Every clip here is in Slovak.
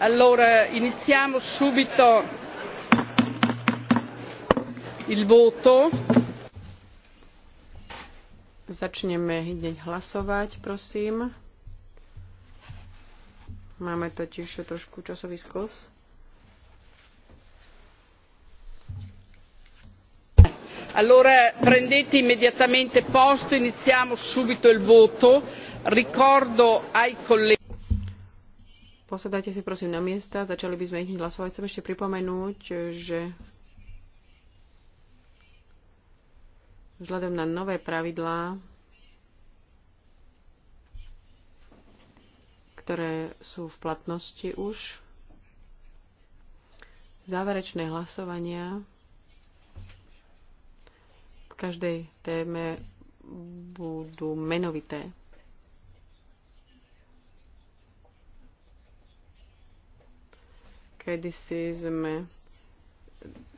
allora iniziamo subito il voto začneme hneď hlasovať prosím máme totiž trošku časový skos allora prendete immediatamente posto iniziamo subito il voto ricordo ai colleghi Posadajte si prosím na miesta, začali by sme ich hlasovať. Chcem ešte pripomenúť, že vzhľadom na nové pravidlá, ktoré sú v platnosti už, záverečné hlasovania v každej téme budú menovité. kedysi sme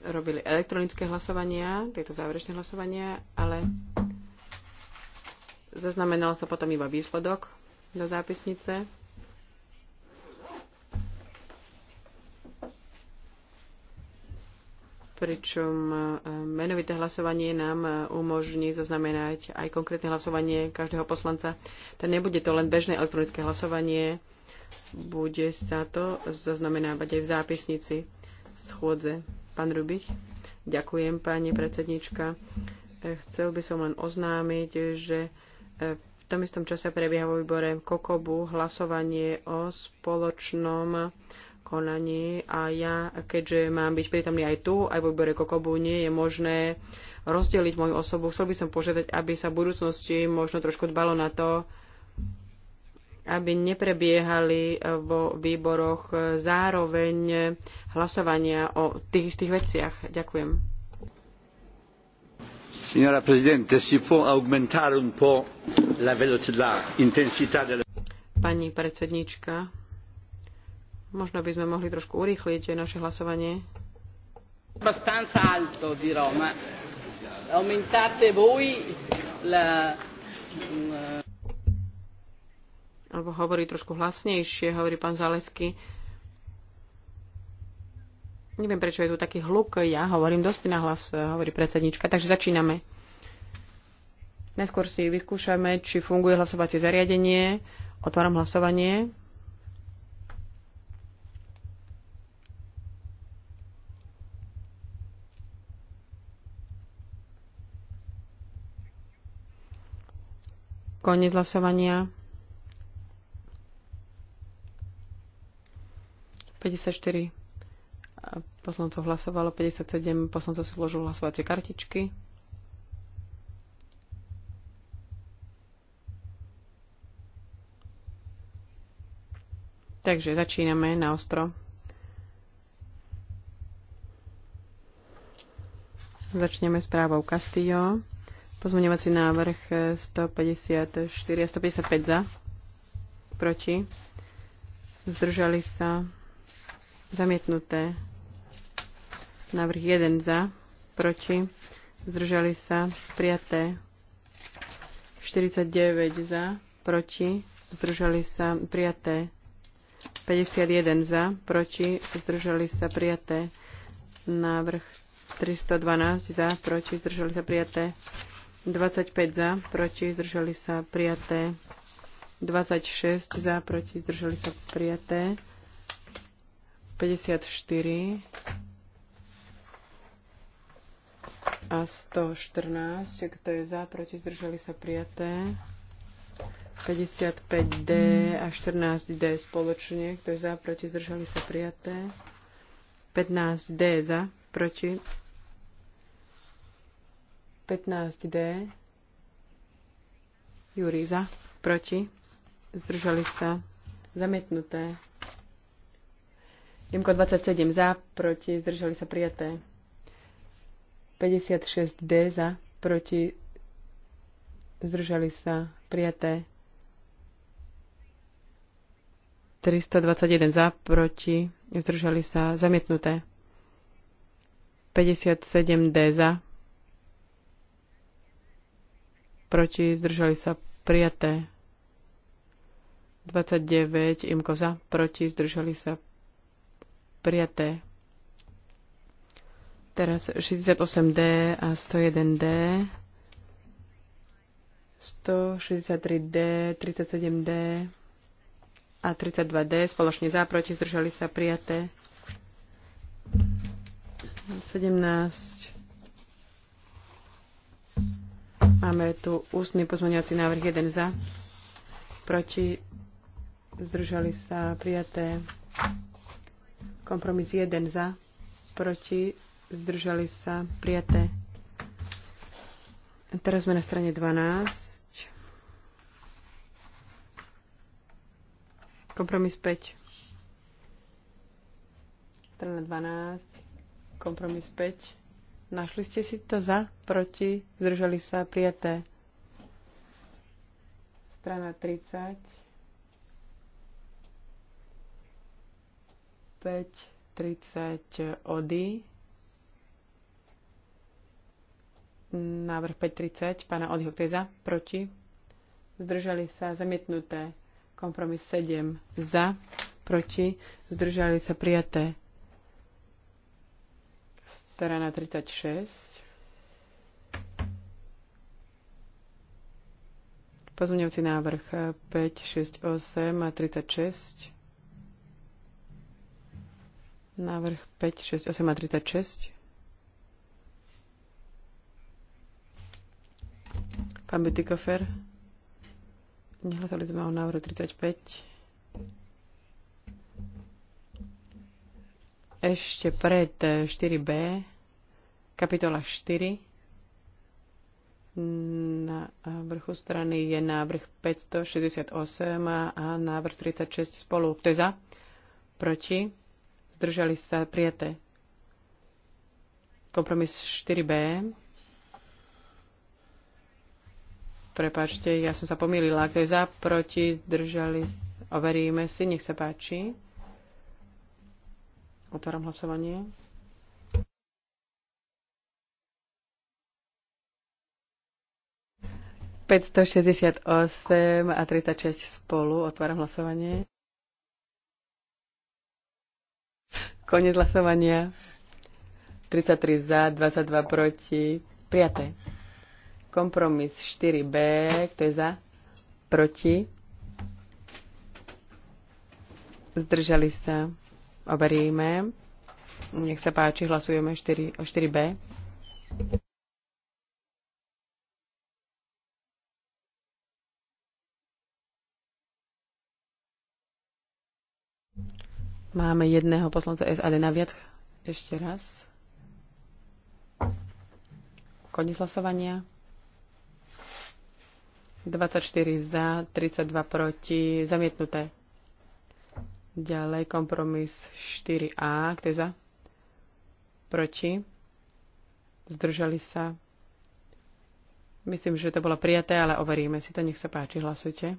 robili elektronické hlasovania, tieto záverečné hlasovania, ale zaznamenal sa potom iba výsledok do zápisnice. pričom e, menovité hlasovanie nám e, umožní zaznamenať aj konkrétne hlasovanie každého poslanca. To nebude to len bežné elektronické hlasovanie, bude sa to zaznamenávať aj v zápisnici schôdze. Pán Rubich, ďakujem pani predsednička. E, chcel by som len oznámiť, že e, v tom istom čase prebieha vo výbore Kokobu hlasovanie o spoločnom konaní a ja, keďže mám byť prítomný aj tu, aj vo výbore Kokobu, nie je možné rozdeliť moju osobu. Chcel by som požiadať, aby sa v budúcnosti možno trošku dbalo na to, aby neprebiehali eh, vo výboroch eh, zároveň eh, hlasovania o tých istých veciach. Ďakujem. Signora Presidente, si può un po' la velocità, della... Pani predsednička, možno by sme mohli trošku urýchliť naše hlasovanie. Abbastanza alto, dirò, ma aumentate voi la, la mm, alebo hovorí trošku hlasnejšie, hovorí pán Zalesky. Neviem, prečo je tu taký hluk. Ja hovorím dosť na hlas, hovorí predsednička. Takže začíname. Najskôr si vyskúšame, či funguje hlasovacie zariadenie. Otváram hlasovanie. Koniec hlasovania. 54 poslancov hlasovalo, 57 poslancov si vložil hlasovacie kartičky. Takže začíname na ostro. Začneme správou Castillo. Pozmeňovací návrh 154 a 155 za. Proti. Zdržali sa Zamietnuté. Návrh 1 za, proti, zdržali sa, prijaté. 49 za, proti, zdržali sa, prijaté. 51 za, proti, zdržali sa, prijaté. Návrh 312 za, proti, zdržali sa, prijaté. 25 za, proti, zdržali sa, prijaté. 26 za, proti, zdržali sa, prijaté. 54 a 114, kto je za, proti, zdržali sa prijaté. 55D a 14D spoločne, kto je za, proti, zdržali sa prijaté. 15D za, proti. 15D. Júri za, proti. Zdržali sa. Zametnuté. Jemko 27 za, proti, zdržali sa prijaté. 56D za, proti, zdržali sa prijaté. 321 za, proti, zdržali sa zamietnuté. 57D za, proti, zdržali sa prijaté. 29 imko za, proti, zdržali sa prijaté prijaté. Teraz 68D a 101D. 163D, 37D a 32D spoločne za, proti, zdržali sa prijaté. 17. Máme tu ústny pozmeňovací návrh 1 za, proti, zdržali sa prijaté. Kompromis 1 za, proti, zdržali sa, prijaté. Teraz sme na strane 12. Kompromis 5. Strana 12. Kompromis 5. Našli ste si to za, proti, zdržali sa, prijaté. Strana 30. 5.30 Ody. Návrh 5.30 pána Odyho, kto je za? Proti? Zdržali sa zamietnuté. Kompromis 7 za, proti, zdržali sa prijaté. Strana 36. Pozmeňujúci návrh 5, 6, 8 a 36. Návrh 5, 6, 8 a 36. Pán Bytikofer, nehlasali sme o návrhu 35. Ešte pred 4b, kapitola 4, na vrchu strany je návrh 568 a návrh 36 spolu. Kto je za? Proti? zdržali sa prijaté. Kompromis 4b. Prepačte, ja som sa pomýlila. Kto je za, proti, zdržali, overíme si, nech sa páči. Otváram hlasovanie. ...568 a 36 spolu. Otváram hlasovanie. Konec hlasovania. 33 za, 22 proti. Prijaté. Kompromis 4B. Kto je za? Proti. Zdržali sa. Oberíme. Nech sa páči, hlasujeme 4, o 4B. Máme jedného poslanca SAD naviac. Ešte raz. Koniec hlasovania. 24 za, 32 proti, zamietnuté. Ďalej kompromis 4A, kto je za? Proti. Zdržali sa. Myslím, že to bolo prijaté, ale overíme si to. Nech sa páči, hlasujte.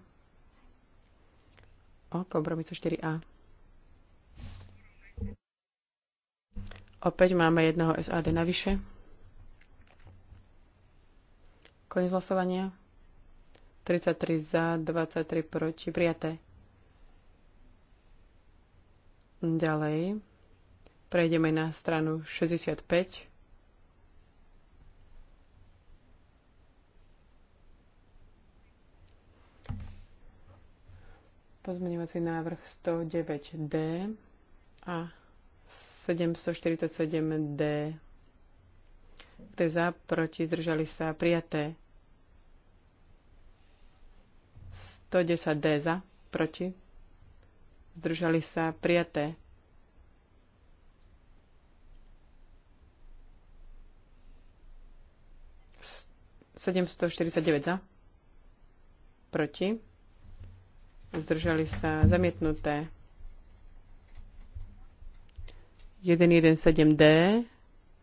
O kompromisu 4A. Opäť máme jedného SAD navyše. Koniec hlasovania. 33 za, 23 proti. Prijaté. Ďalej. Prejdeme na stranu 65. Pozmeňovací návrh 109D a 747D. Kto je za, proti, zdržali sa, prijaté. 110D za, proti, zdržali sa, prijaté. S 749 za, proti, zdržali sa, zamietnuté. 117D.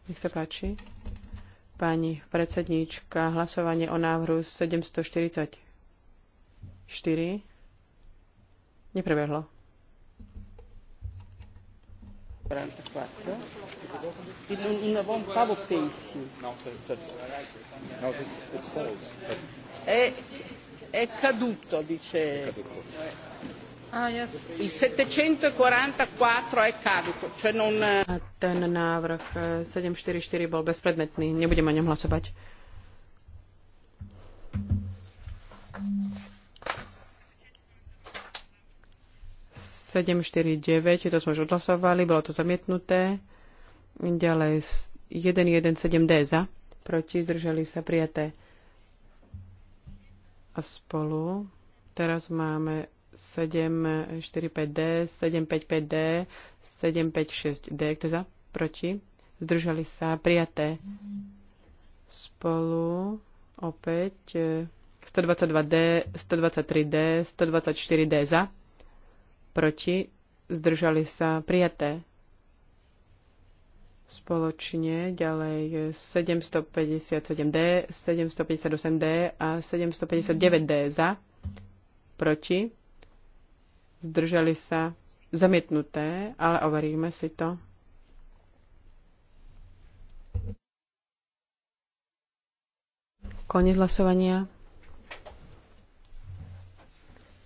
Nech sa páči. Pani predsedníčka, hlasovanie o návrhu 744 neprebehlo. È caduto, dice. È caduto. Ah, Il 744 e non... Eh. A ten návrh 744 eh, bol bezpredmetný, Nebudem o ňom hlasovať. Sedem, štyri, deväť, to sme už odhlasovali, bolo to zamietnuté. Ďalej 117D za, proti, zdržali sa prijaté. A spolu teraz máme 745D, 755D, 756D. Kto za? Proti? Zdržali sa. Prijaté. Spolu opäť 122D, 123D, 124D za. Proti? Zdržali sa. Prijaté. Spoločne ďalej 757D, e, 758D a 759D za. Proti? zdržali sa, zamietnuté, ale overíme si to. Koniec hlasovania.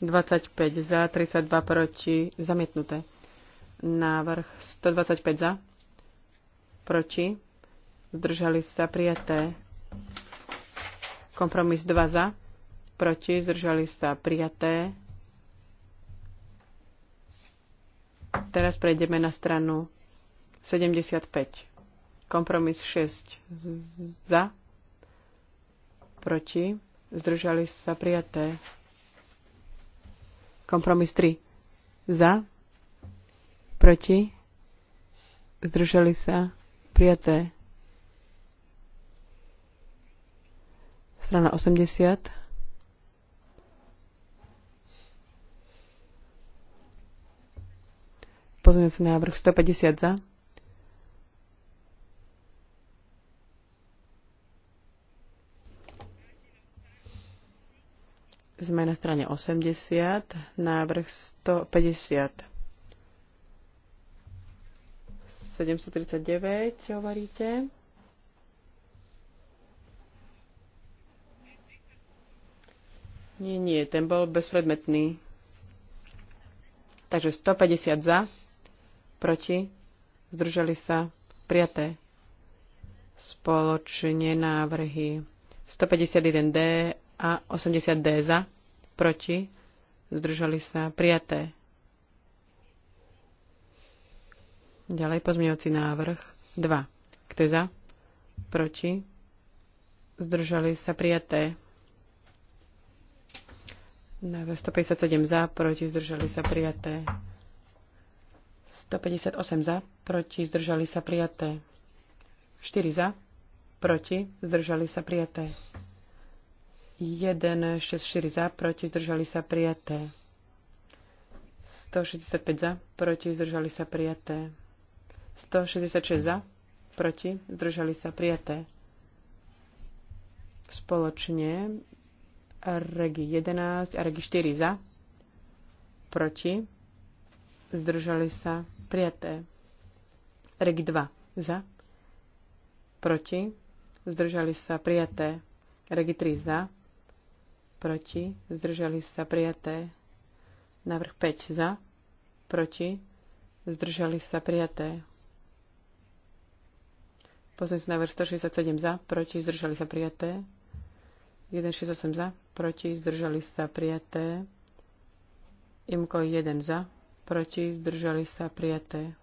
25 za, 32 proti, zamietnuté. Návrh 125 za, proti, zdržali sa prijaté. Kompromis 2 za, proti, zdržali sa prijaté. Teraz prejdeme na stranu 75. Kompromis 6 za, proti, zdržali sa prijaté. Kompromis 3 za, proti, zdržali sa prijaté. Strana 80. Pozmeňujúci návrh 150 za. Sme na strane 80, návrh 150. 739 hovoríte. Nie, nie, ten bol bezpredmetný. Takže 150 za proti, zdržali sa prijaté. Spoločne návrhy 151D a 80D za, proti, zdržali sa prijaté. Ďalej pozmeňovací návrh 2. Kto je za? Proti? Zdržali sa prijaté. Návrh 157 za, proti, zdržali sa prijaté. 158 za, proti, zdržali sa prijaté. 4 za, proti, zdržali sa prijaté. 1, 6, 4 za, proti, zdržali sa prijaté. 165 za, proti, zdržali sa prijaté. 166 za, proti, zdržali sa prijaté. Spoločne regi 11 a regi 4 za, proti, zdržali sa Prijaté. Reg 2. Za. Proti. Zdržali sa prijaté. Reg 3. Za. Proti. Zdržali sa prijaté. Návrh 5. Za. Proti. Zdržali sa prijaté. sa návrh 167 za, proti, zdržali sa prijaté. 168 za, proti, zdržali sa prijaté. Imko 1 za, proti zdržali sa prijaté.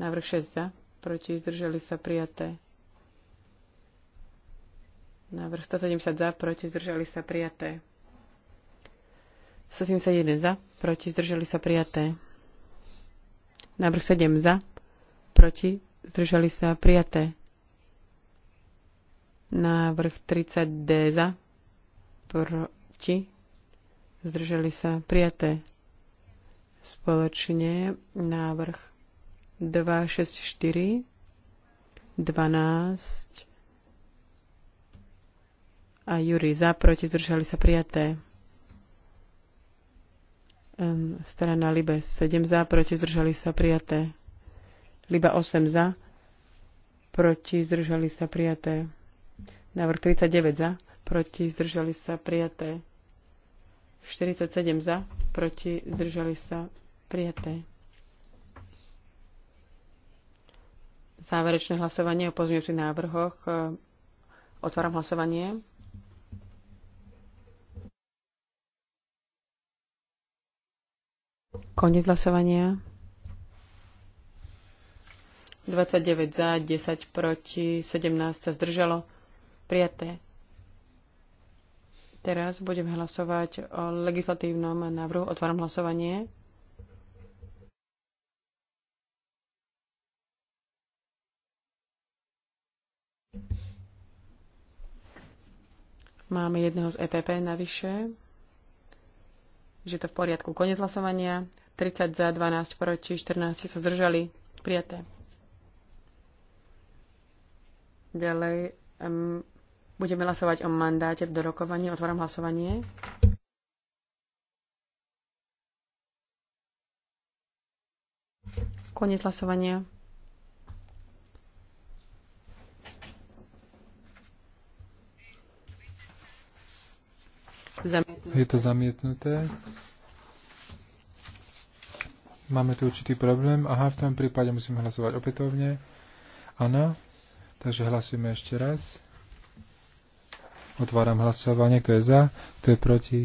Návrh 6 za, proti zdržali sa prijaté. Návrh 170 za, proti zdržali sa prijaté. 171 za, proti zdržali sa prijaté. Návrh 7 za, proti zdržali sa prijaté. Návrh 30D za, proti zdržali sa prijaté spoločne návrh 264, 12 a Juri za, proti, zdržali sa prijaté. Um, strana Libe 7 za, proti, zdržali sa prijaté. Liba 8 za, proti, zdržali sa prijaté. Návrh 39 za, proti, zdržali sa prijaté. 47 za proti, zdržali sa, prijaté. Záverečné hlasovanie o pozmiňujúcich návrhoch. Otváram hlasovanie. Koniec hlasovania. 29 za, 10 proti, 17 sa zdržalo. Prijaté. Teraz budeme hlasovať o legislatívnom návrhu. Otváram hlasovanie. Máme jedného z EPP navyše. Že to v poriadku. Konec hlasovania. 30 za, 12 proti, 14 sa zdržali. Prijaté. Ďalej um, Budeme hlasovať o mandáte v dorokovaní. Otváram hlasovanie. Koniec hlasovania. Zamietnuté. Je to zamietnuté. Máme tu určitý problém. Aha, v tom prípade musíme hlasovať opätovne. Áno. Takže hlasujeme ešte raz. Otváram hlasovanie. Kto je za? Kto je proti?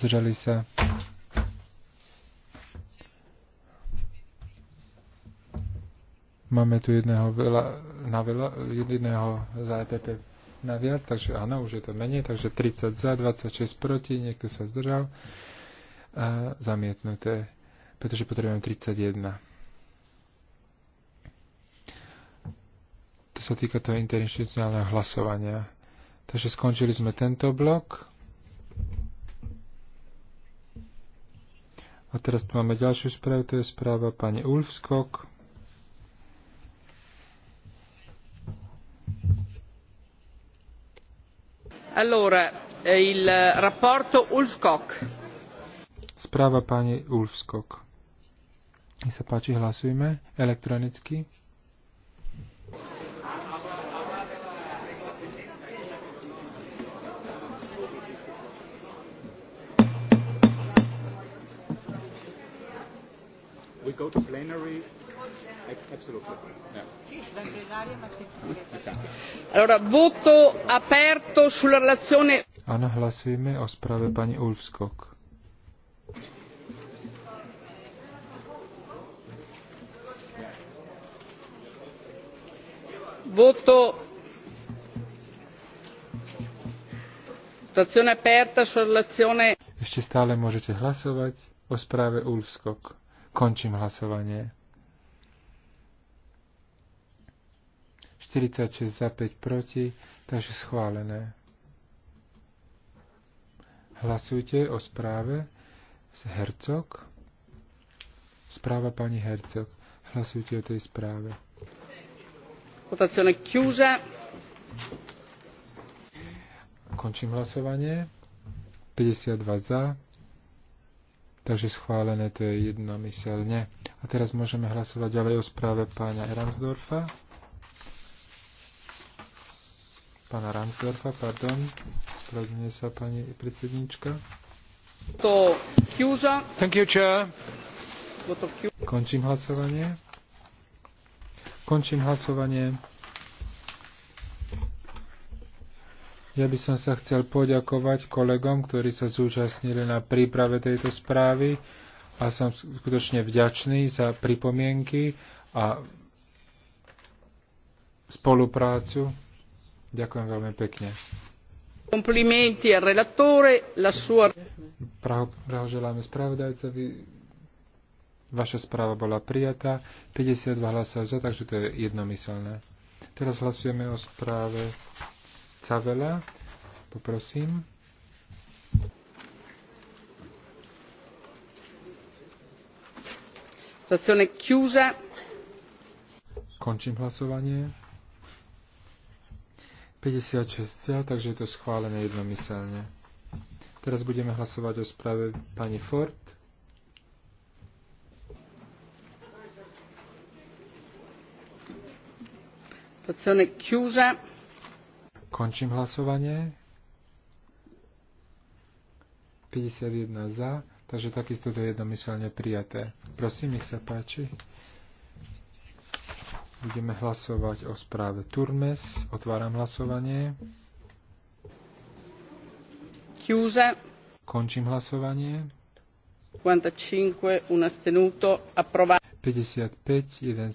Zdržali sa. Máme tu jedného, veľa, na veľa, jedného za EPP na viac, takže áno, už je to menej, takže 30 za, 26 proti, niekto sa zdržal. A zamietnuté, pretože potrebujem 31. To sa týka toho interinstitucionálneho hlasovania. Takže skončili sme tento blok. A teraz tu máme ďalšiu správu, to je správa pani Ulfskok. Allora, il rapporto Ulfskok. Správa pani Ulfskok. Nech sa páči, hlasujme elektronicky. go to plenary, absolutely. Allora, voto aperto sulla relazione... Áno, hlasujeme o správe pani Ulfskok. Voto Votazione aperta sulla relazione. Ešte stále môžete hlasovať o správe Ulfskok. Končím hlasovanie. 46 za 5 proti, takže schválené. Hlasujte o správe z Hercog. Správa pani Hercog. Hlasujte o tej správe. Votazione chiusa. Končím hlasovanie. 52 za, Takže schválené to je jednomyselne. A teraz môžeme hlasovať ďalej o správe pána Ransdorfa. Pána Ransdorfa, pardon. Spravedlňuje sa pani predsednička. To Kjúza. Thank you, chair. Končím hlasovanie. Končím hlasovanie. Ja by som sa chcel poďakovať kolegom, ktorí sa zúčastnili na príprave tejto správy a som skutočne vďačný za pripomienky a spoluprácu. Ďakujem veľmi pekne. Komplimenti al relatore, la sua... želáme spravodajcovi. Vaša správa bola prijatá. 52 hlasov za, takže to je jednomyselné. Teraz hlasujeme o správe Cavela. Poprosím. Votazione chiusa. Končím hlasovanie. 56 takže je to schválené jednomyselne. Teraz budeme hlasovať o správe pani Ford. Votazione chiusa. Končím hlasovanie. 51 za, takže takisto to je jednomyselne prijaté. Prosím, nech sa páči. Budeme hlasovať o správe Turmes. Otváram hlasovanie. Chiusa. Končím hlasovanie. 55, un astenuto, approvato. 55, jeden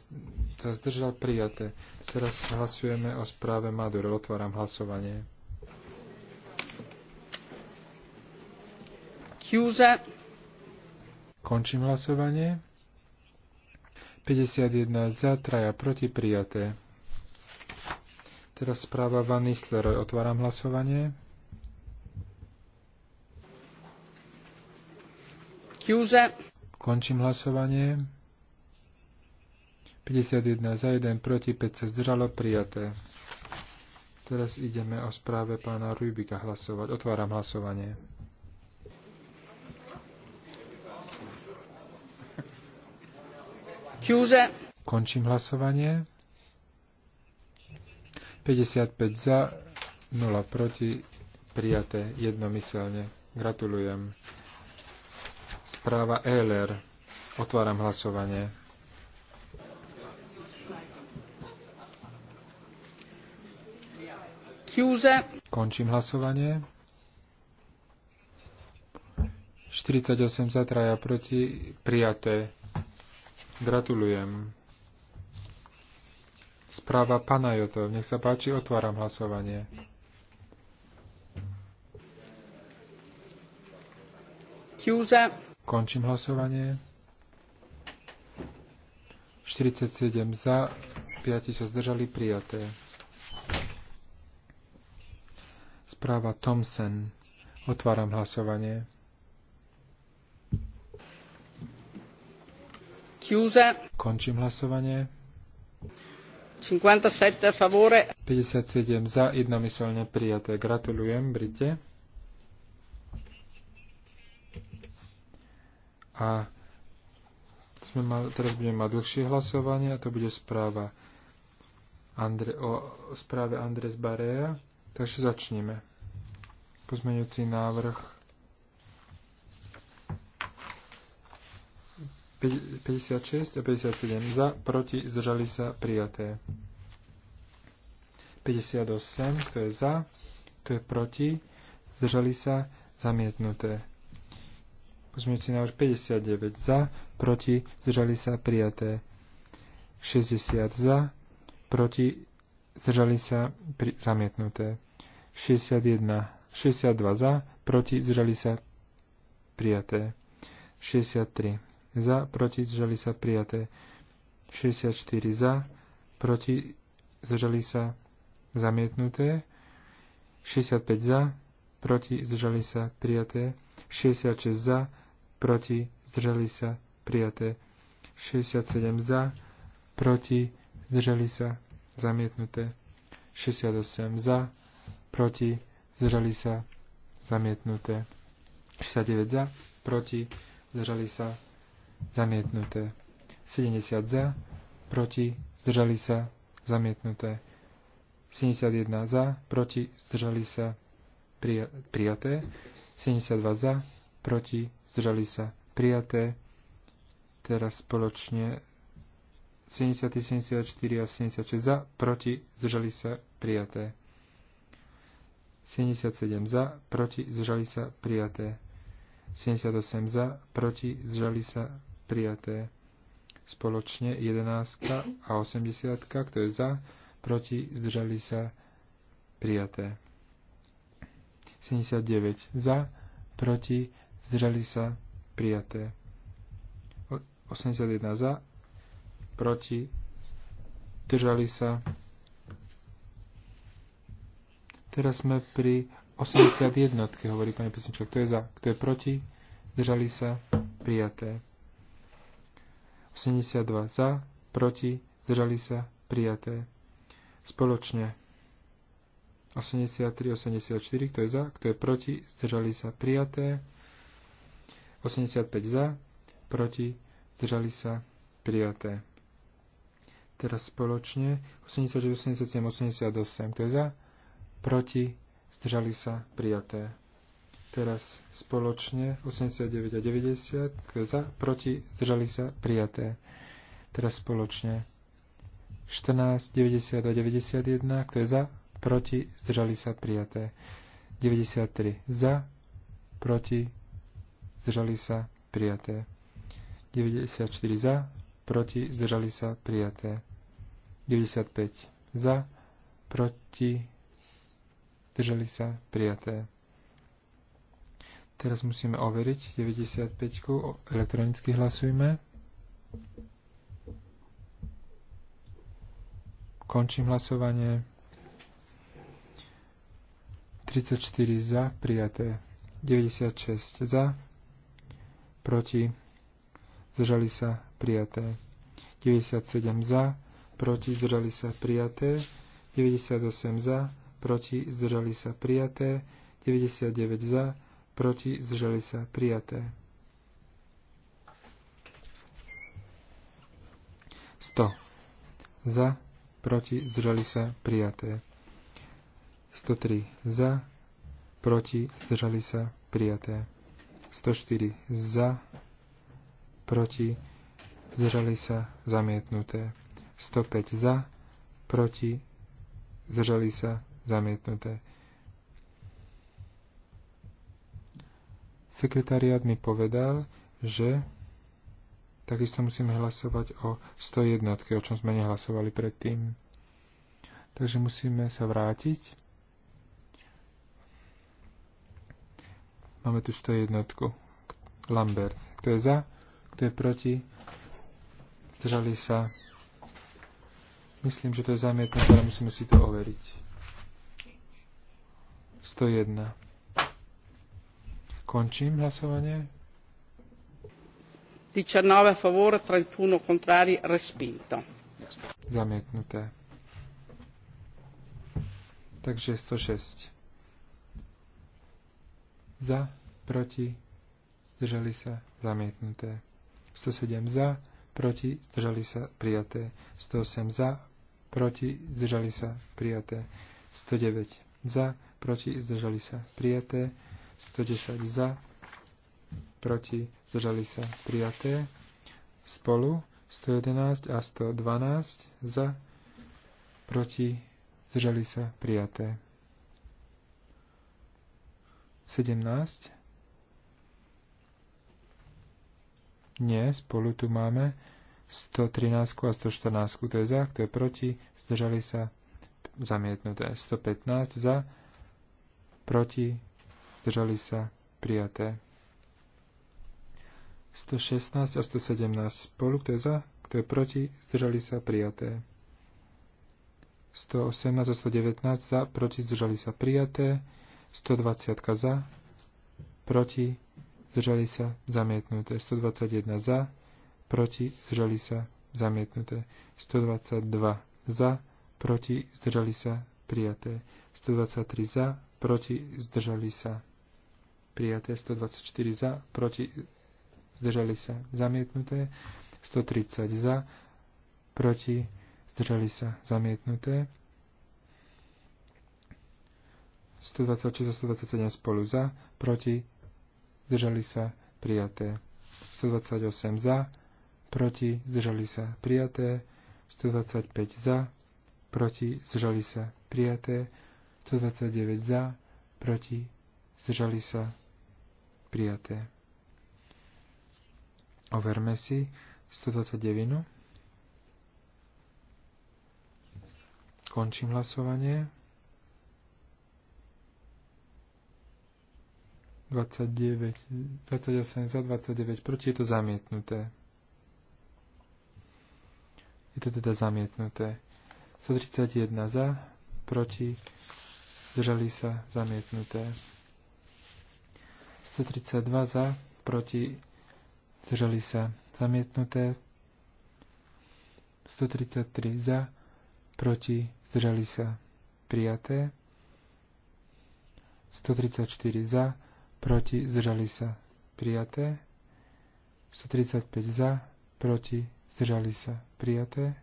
sa zdržal, prijaté. Teraz hlasujeme o správe Maduro. Otváram hlasovanie. Kiuza. Končím hlasovanie. 51 za, traja proti, prijaté. Teraz správa Van Nistelrooy. Otváram hlasovanie. Kiuza. Končím hlasovanie. 51 za 1 proti, 5 sa zdržalo, prijaté. Teraz ideme o správe pána Rubika hlasovať. Otváram hlasovanie. Chiuse. Končím hlasovanie. 55 za, 0 proti, prijaté jednomyselne. Gratulujem. Správa ELR. Otváram hlasovanie. chiusa. Končím hlasovanie. 48 za traja proti prijaté. Gratulujem. Správa Jotov. Nech sa páči, otváram hlasovanie. Chiusa. Končím hlasovanie. 47 za, 5 sa zdržali prijaté. Správa Thomsen. Otváram hlasovanie. Chiusa. Končím hlasovanie. 57 favore. 57 za, jednomyselne prijaté. Gratulujem, Brite. A sme mal, teraz budeme mať dlhšie hlasovanie a to bude správa Andre, o správe Andres Barea. Takže začneme. Pozmeňujúci návrh 56 a 57 za, proti, zdržali sa, prijaté. 58, kto je za, kto je proti, zdržali sa, zamietnuté. Pozmeňujúci návrh 59 za, proti, zdržali sa, prijaté. 60 za, proti, zdržali sa, pri, zamietnuté. 61 62 za, proti zdržali sa prijaté. 63 za, proti zdržali sa prijaté. 64 za, proti zdržali sa zamietnuté. 65 za, proti zdržali sa prijaté. 66 za, proti zdržali sa prijaté. 67 za, proti zdržali sa zamietnuté. 68 za, proti zdržali sa, zamietnuté. 69 za, proti, zdržali sa, zamietnuté. 70 za, proti, zdržali sa, zamietnuté. 71 za, proti, zdržali sa, prijaté. 72 za, proti, zdržali sa, prijaté. Teraz spoločne 70, 74 a 76 za, proti, zdržali sa, prijaté. 77 za, proti, zžali sa, prijaté. 78 za, proti, zžali sa, prijaté. Spoločne 11 a 80, kto je za, proti, zdržali sa, prijaté. 79 za, proti, zdržali sa, prijaté. 81 za, proti, zdržali sa, prijaté Teraz sme pri 81, hovorí pani pesnička. Kto je za? Kto je proti? Zdržali sa? Prijaté. 82 za, proti, zdržali sa? Prijaté. Spoločne. 83, 84, kto je za, kto je proti, zdržali sa prijaté. 85 za, proti, zdržali sa prijaté. Teraz spoločne 86, 87, 88, kto je za, proti, zdržali sa, prijaté. Teraz spoločne 89 a 90, za, proti, zdržali sa, prijaté. Teraz spoločne 14, 90 a 91, kto je za, proti, zdržali sa, prijaté. 93 za, proti, zdržali sa, prijaté. 94 za, proti, zdržali sa, prijaté. 95 za, proti, Držali sa, prijaté. Teraz musíme overiť 95, elektronicky hlasujme. Končím hlasovanie. 34 za, prijaté. 96 za, proti, zdržali sa, prijaté. 97 za, proti, zdržali sa, prijaté. 98 za, proti zdržali sa prijaté, 99 za, proti zdržali sa prijaté. 100 za, proti zdržali sa prijaté. 103 za, proti zdržali sa prijaté. 104 za, proti zdržali sa zamietnuté. 105 za, proti zdržali sa zamietnuté. Sekretariát mi povedal, že takisto musíme hlasovať o 101, o čom sme nehlasovali predtým. Takže musíme sa vrátiť. Máme tu 101. Lambert. Kto je za? Kto je proti? Zdržali sa. Myslím, že to je zamietnuté, ale musíme si to overiť. 101. Končím hlasovanie. 19 a favore, 31 contrari, respinto. Zamietnuté. Takže 106. Za, proti, zdržali sa, zamietnuté. 107 za, proti, zdržali sa, prijaté. 108 za, proti, zdržali sa, prijaté. 109 za, proti, zdržali sa prijaté, 110 za, proti, zdržali sa prijaté, spolu 111 a 112 za, proti, zdržali sa prijaté. 17. Nie, spolu tu máme 113 a 114, to je za, to je proti, zdržali sa zamietnuté. 115 za, proti, zdržali sa, prijaté. 116 a 117 spolu, kto je za, kto je proti, zdržali sa, prijaté. 118 a 119 za, proti, zdržali sa, prijaté. 120 za, proti, zdržali sa, zamietnuté. 121 za, proti, zdržali sa, zamietnuté. 122 za, proti, zdržali sa, prijaté. 123 za, proti, zdržali sa. Prijaté 124 za, proti, zdržali sa. Zamietnuté 130 za, proti, zdržali sa. Zamietnuté 126 a 127 spolu za, proti, zdržali sa. Prijaté 128 za, proti, zdržali sa. Prijaté 125 za, proti, zdržali sa. Prijaté 129 za, proti, zdržali sa, prijaté. Overme si 129. Končím hlasovanie. 29, 28 za, 29 proti, je to zamietnuté. Je to teda zamietnuté. 131 za, proti, zdrželi sa zamietnuté. 132 za, proti, zdrželi sa zamietnuté. 133 za, proti, zdrželi sa prijaté. 134 za, proti, zdrželi sa prijaté. 135 za, proti, zdržali sa prijaté.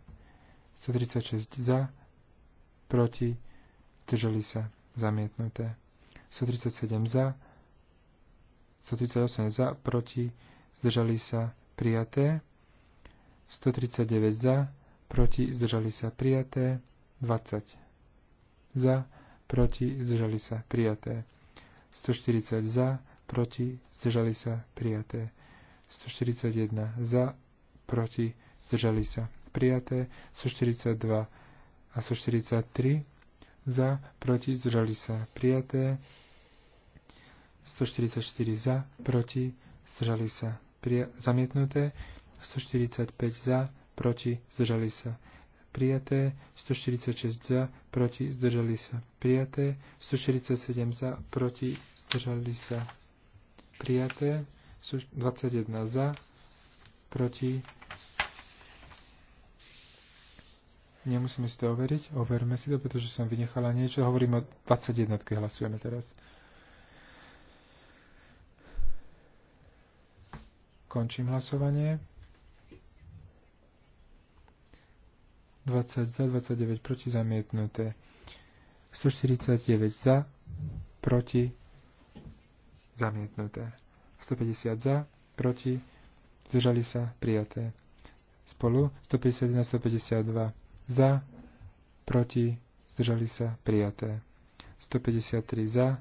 136 za, proti, zdržali sa zamietnuté. 137 za, 138 za, proti, zdržali sa prijaté. 139 za, proti, zdržali sa prijaté. 20 za, proti, zdržali sa prijaté. 140 za, proti, zdržali sa prijaté. 141 za, proti, zdržali sa prijaté. 142 a 143 za, proti, zdržali sa prijaté. 144 za, proti, zdržali sa prija- zamietnuté. 145 za, proti, zdržali sa prijaté. 146 za, proti, zdržali sa prijaté. 147 za, proti, zdržali sa prijaté. 21 za, proti, Nemusíme si to overiť, overme si to, pretože som vynechala niečo. Hovoríme o 21, hlasujeme teraz. Končím hlasovanie. 20 za, 29 proti, zamietnuté. 149 za, proti, zamietnuté. 150 za, proti, zdržali sa, prijaté. Spolu 151 152 za, proti, zdržali sa, prijaté. 153 za,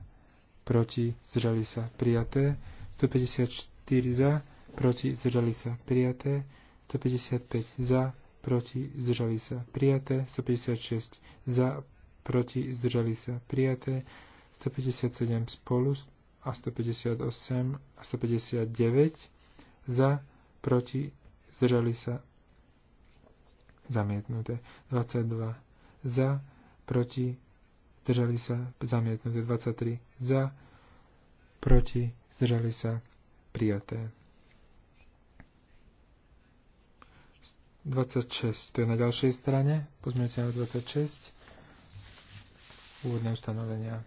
proti, zdržali sa, prijaté. 154 za, proti, zdržali sa, prijaté. 155 za, proti, zdržali sa, prijaté. 156 za, proti, zdržali sa, prijaté. 157 spolu a 158 a 159 za, proti, zdržali sa, zamietnuté. 22 za, proti, zdržali sa, zamietnuté. 23 za, proti, zdržali sa, prijaté. 26, to je na ďalšej strane, pozmeňujúce na 26, úvodné ustanovenia.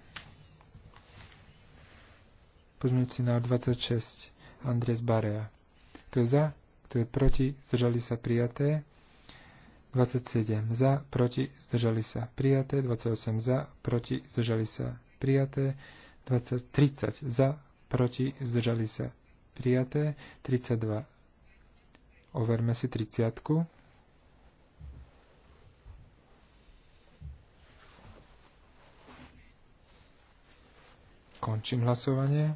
si na 26, Andres Barea. Kto je za, kto je proti, zdržali sa prijaté. 27 za, proti, zdržali sa prijaté, 28 za, proti, zdržali sa prijaté, 20, 30 za, proti, zdržali sa prijaté, 32. Overme si 30. Končím hlasovanie.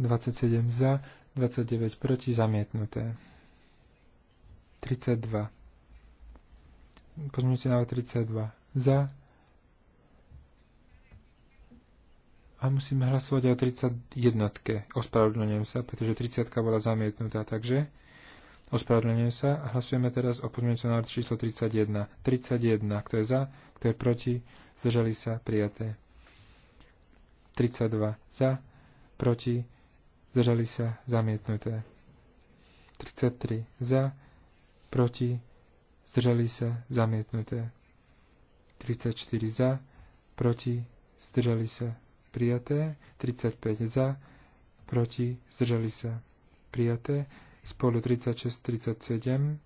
27 za, 29 proti, zamietnuté. 32. Pozmeňujúci návrh 32. Za. A musíme hlasovať aj o 31. Ospravedlňujem sa, pretože 30. bola zamietnutá, takže ospravedlňujem sa a hlasujeme teraz o pozmeňujúcom návrhu číslo 31. 31. Kto je za, kto je proti, zdržali sa, prijaté. 32. Za, proti, zdržali sa, zamietnuté. 33. Za, proti, zdržali sa, zamietnuté. 34 za, proti, zdržali sa, prijaté. 35 za, proti, zdržali sa, prijaté. Spolu 36, 37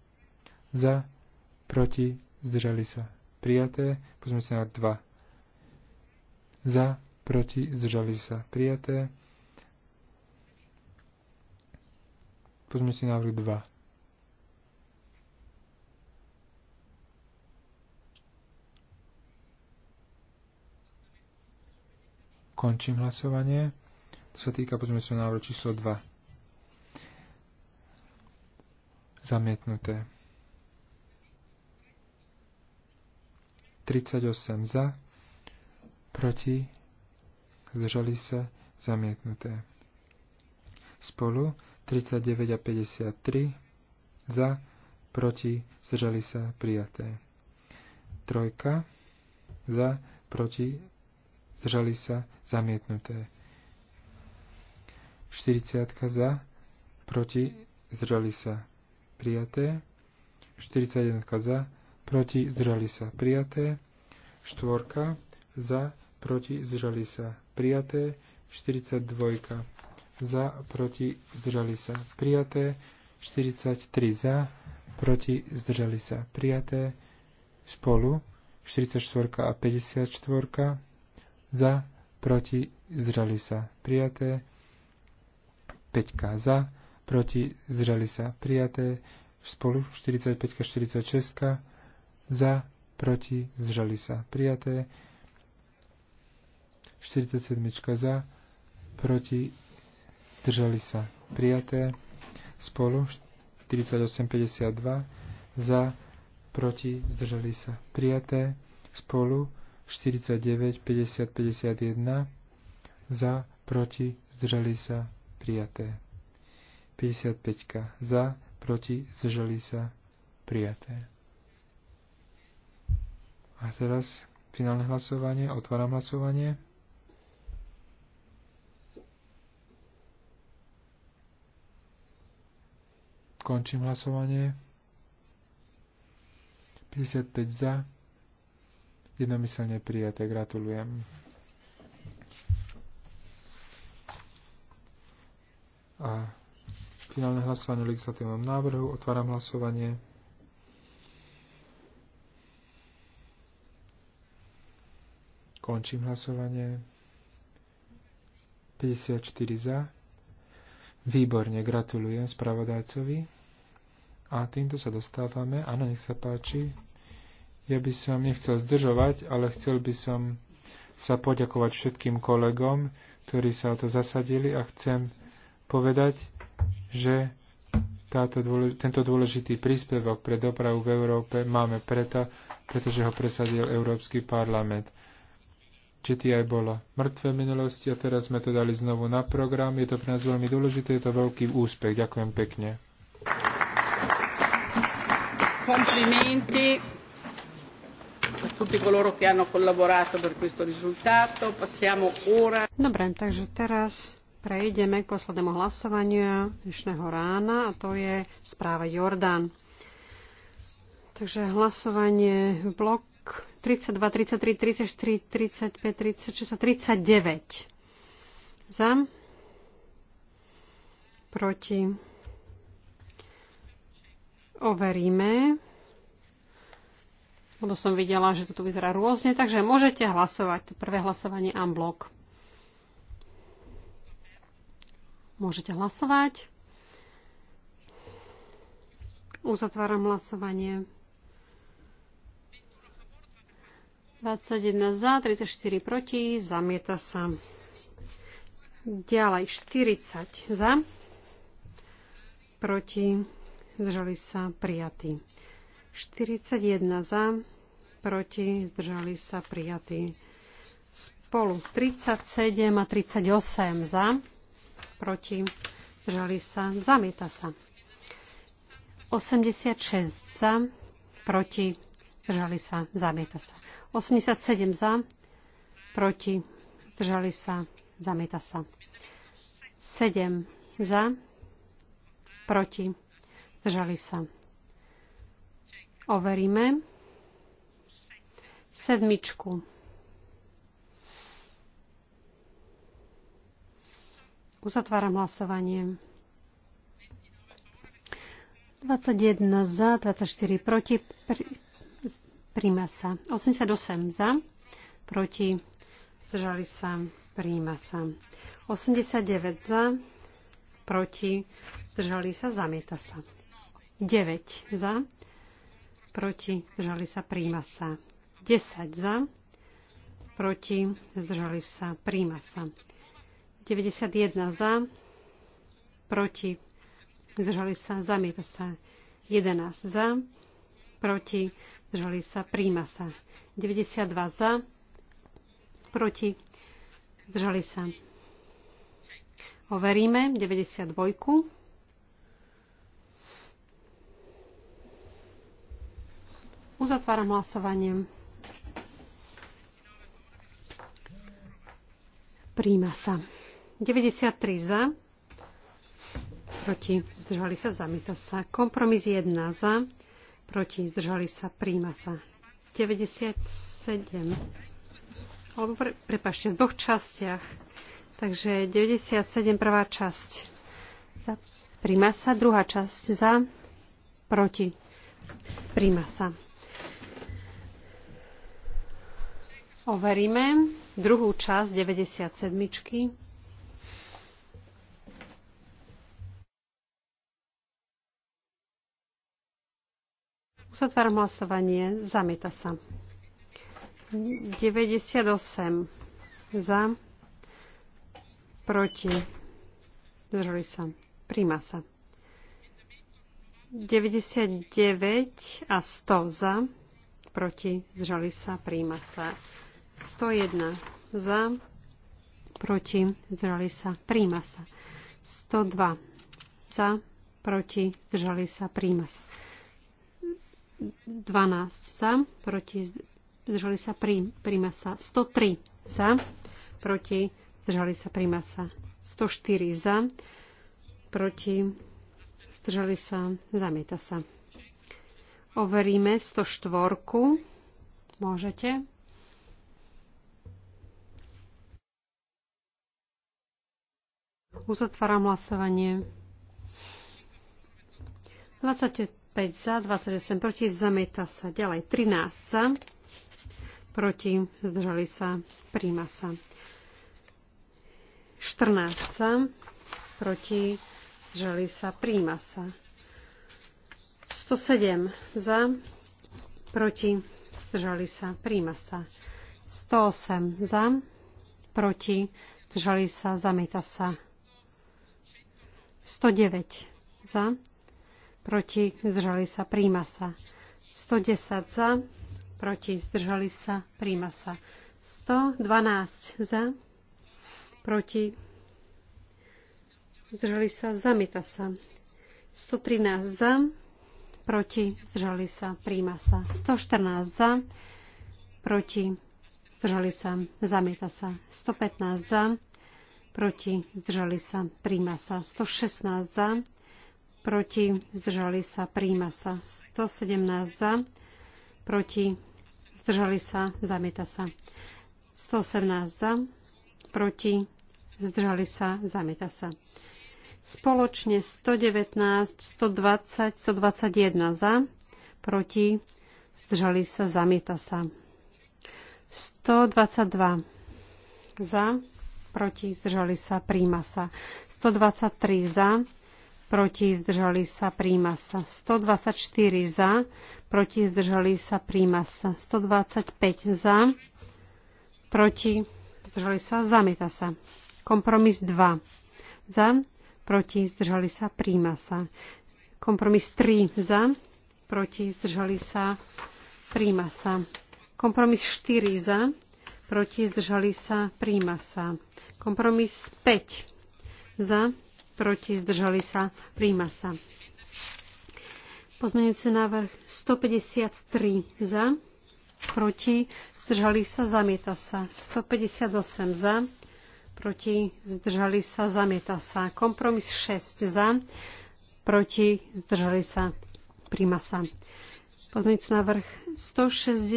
za, proti, zdržali sa, prijaté. Pozme sa na 2. Za, proti, zdržali sa, prijaté. Pozme si návrh 2 Končím hlasovanie. To sa týka pozmeňujúceho návrhu číslo 2. Zamietnuté. 38 za, proti, zdržali sa, zamietnuté. Spolu 39 a 53 za, proti, zdržali sa, prijaté. Trojka za, proti, zdržali sa, zamietnuté. 40 za, proti, zdržali sa, prijaté. 41 za, proti, zdržali sa, prijaté. 4 za, proti, zdržali sa, prijaté. 42 za, proti, zdržali sa, prijaté. 43 za, proti, zdržali sa, prijaté. Spolu 44 a 54 za, proti, zdržali sa prijaté, 5 za, proti, zdržali sa prijaté, spolu 45 46 za, proti, zdržali sa prijaté, 47 za, proti, zdržali sa prijaté, spolu 48-52, za, proti, zdržali sa prijaté, spolu 49, 50, 51 za, proti, zdržali sa, prijaté. 55 za, proti, zdržali sa, prijaté. A teraz finálne hlasovanie, otváram hlasovanie. Končím hlasovanie. 55 za, jednomyselne prijaté. Gratulujem. A finálne hlasovanie o legislatívnom návrhu. Otváram hlasovanie. Končím hlasovanie. 54 za. Výborne, gratulujem spravodajcovi. A týmto sa dostávame. Áno, nech sa páči. Ja by som nechcel zdržovať, ale chcel by som sa poďakovať všetkým kolegom, ktorí sa o to zasadili a chcem povedať, že táto dôlež- tento dôležitý príspevok pre dopravu v Európe máme preto, pretože ho presadil Európsky parlament. GTI bolo mŕtve v minulosti a teraz sme to dali znovu na program. Je to pre nás veľmi dôležité, je to veľký úspech. Ďakujem pekne. Komplimenty tutti coloro che hanno collaborato per questo risultato. Passiamo ora. Dobre, takže teraz prejdeme k poslednému hlasovaniu dnešného rána a to je správa Jordán. Takže hlasovanie blok 32, 33, 34, 35, 36 a 39. Za. Proti. Overíme lebo som videla, že toto vyzerá rôzne, takže môžete hlasovať. To prvé hlasovanie unblock. Môžete hlasovať. Uzatváram hlasovanie. 21 za, 34 proti, zamieta sa. Ďalej 40 za, proti, zdržali sa prijatí. 41 za, proti, zdržali sa prijatí. Spolu 37 a 38 za, proti, zdržali sa, zamieta sa. 86 za, proti, zdržali sa, zamieta sa. 87 za, proti, zdržali sa, zamieta sa. 7 za, proti, zdržali sa. Overíme sedmičku. Uzatváram hlasovanie. 21 za, 24 proti, príjma sa. 88 za, proti, zdržali sa, príjma sa. 89 za, proti, zdržali sa, zamieta sa. 9 za, proti, zdržali sa, príjma sa. 10 za, proti, zdržali sa, príjma sa. 91 za, proti, zdržali sa, zamieta sa. 11 za, proti, zdržali sa, príjma sa. 92 za, proti, zdržali sa. Overíme 92. Uzatváram hlasovanie. Príjma sa. 93 za. Proti. Zdržali sa. Zamýta sa. Kompromis 1 za. Proti. Zdržali sa. Príjma sa. 97. Alebo pre, prepašte, v dvoch častiach. Takže 97. prvá časť. Za, príjma sa. Druhá časť za. Proti. Príjma sa. Overíme druhú časť 97. Uzatváram hlasovanie. Zamieta sa. 98 za, proti, zdržali sa, príjma sa. 99 a 100 za, proti, zdržali sa, príjma sa. 101 za, proti, zdržali sa, príjma sa. 102 za, proti, zdržali sa, príjma sa. 12 za, proti, zdržali sa, príjma sa. 103 za, proti, zdržali sa, príjma sa. 104 za, proti, zdržali sa, zamieta sa. Overíme 104. Môžete. Uzatváram hlasovanie. 25 za, 28 proti, zamieta sa. Ďalej 13 za, proti, zdržali sa, príjma sa. 14 za, proti, zdržali sa, príjma sa. 107 za, proti, zdržali sa, príjma sa. 108 za, proti, zdržali sa, zamieta sa. 109 za, proti, zdržali sa, príjma sa. 110 za, proti, zdržali sa, príjma sa. 112 za, proti, zdržali sa, zamieta sa. 113 za, proti, zdržali sa, príjma sa. 114 za, proti, zdržali sa, zamieta sa. 115 za, proti, zdržali sa, príjma sa. 116 za, proti, zdržali sa, príjma sa. 117 za, proti, zdržali sa, zamieta sa. 118 za, proti, zdržali sa, zamieta sa. Spoločne 119, 120, 121 za, proti, zdržali sa, zamieta sa. 122 za, proti, zdržali sa, príjma sa. 123 za, proti, zdržali sa, príjma sa. 124 za, proti, zdržali sa, príjma sa. 125 za, proti, zdržali sa, zamieta sa. Kompromis 2 za, proti, zdržali sa, príjma sa. Kompromis 3 za, proti, zdržali sa, príjma sa. Kompromis 4 za, proti, zdržali sa, príjma sa. Kompromis 5. Za, proti, zdržali sa, príjma sa. Pozmeňujúci návrh 153 za, proti, zdržali sa, zamieta sa. 158 za, proti, zdržali sa, zamieta sa. Kompromis 6 za, proti, zdržali sa, príjma sa. Pozmeňujúci návrh 161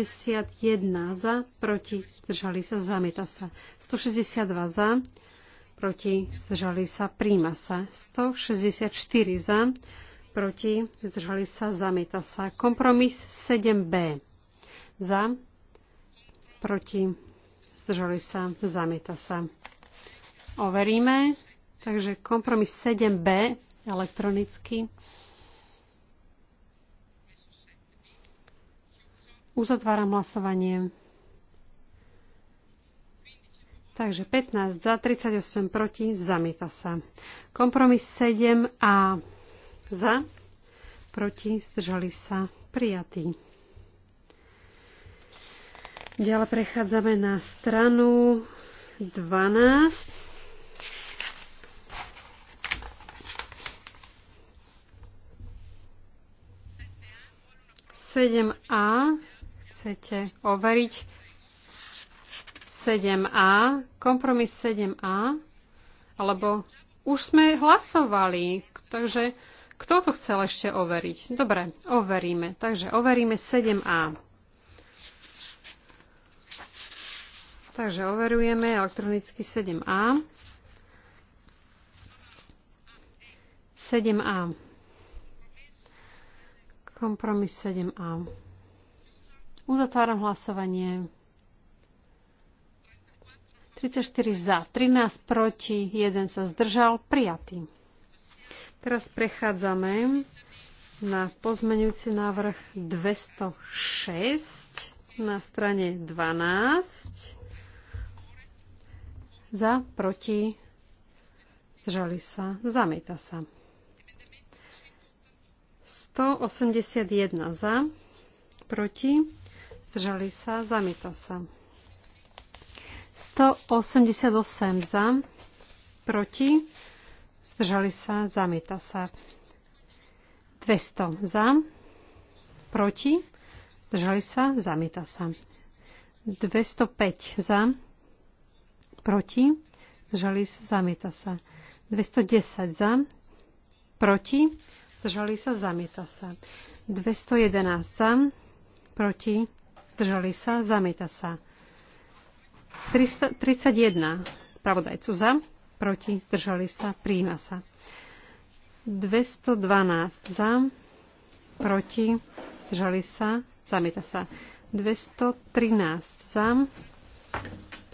za, proti, zdržali sa, zamieta sa. 162 za, proti, zdržali sa, príjma sa. 164 za, proti, zdržali sa, zamieta sa. Kompromis 7b za, proti, zdržali sa, zamieta sa. Overíme, takže kompromis 7b elektronicky. Uzatváram hlasovanie. Takže 15 za, 38 proti, zamieta sa. Kompromis 7a za, proti, zdržali sa, prijatí. Ďalej prechádzame na stranu 12. Sedem A chcete overiť 7a, kompromis 7a, alebo už sme hlasovali, takže kto to chcel ešte overiť? Dobre, overíme. Takže overíme 7a. Takže overujeme elektronicky 7a. 7a. Kompromis 7a. Uzatváram hlasovanie. 34 za, 13 proti, 1 sa zdržal, prijatý. Teraz prechádzame na pozmeňujúci návrh 206 na strane 12. Za, proti, zdržali sa, zamieta sa. 181 za, proti, zdržali sa, zamieta sa. 188 za, proti, zdržali sa, zamieta sa. 200 za, proti, zdržali sa, zamieta sa. 205 za, proti, zdržali sa, zamieta sa. 210 za, proti, zdržali sa, zamieta sa. 211 za, proti, zdržali sa, zamieta sa. 31 spravodajcu za, proti, zdržali sa, príjma sa. 212 za, proti, zdržali sa, zamieta sa. 213 za,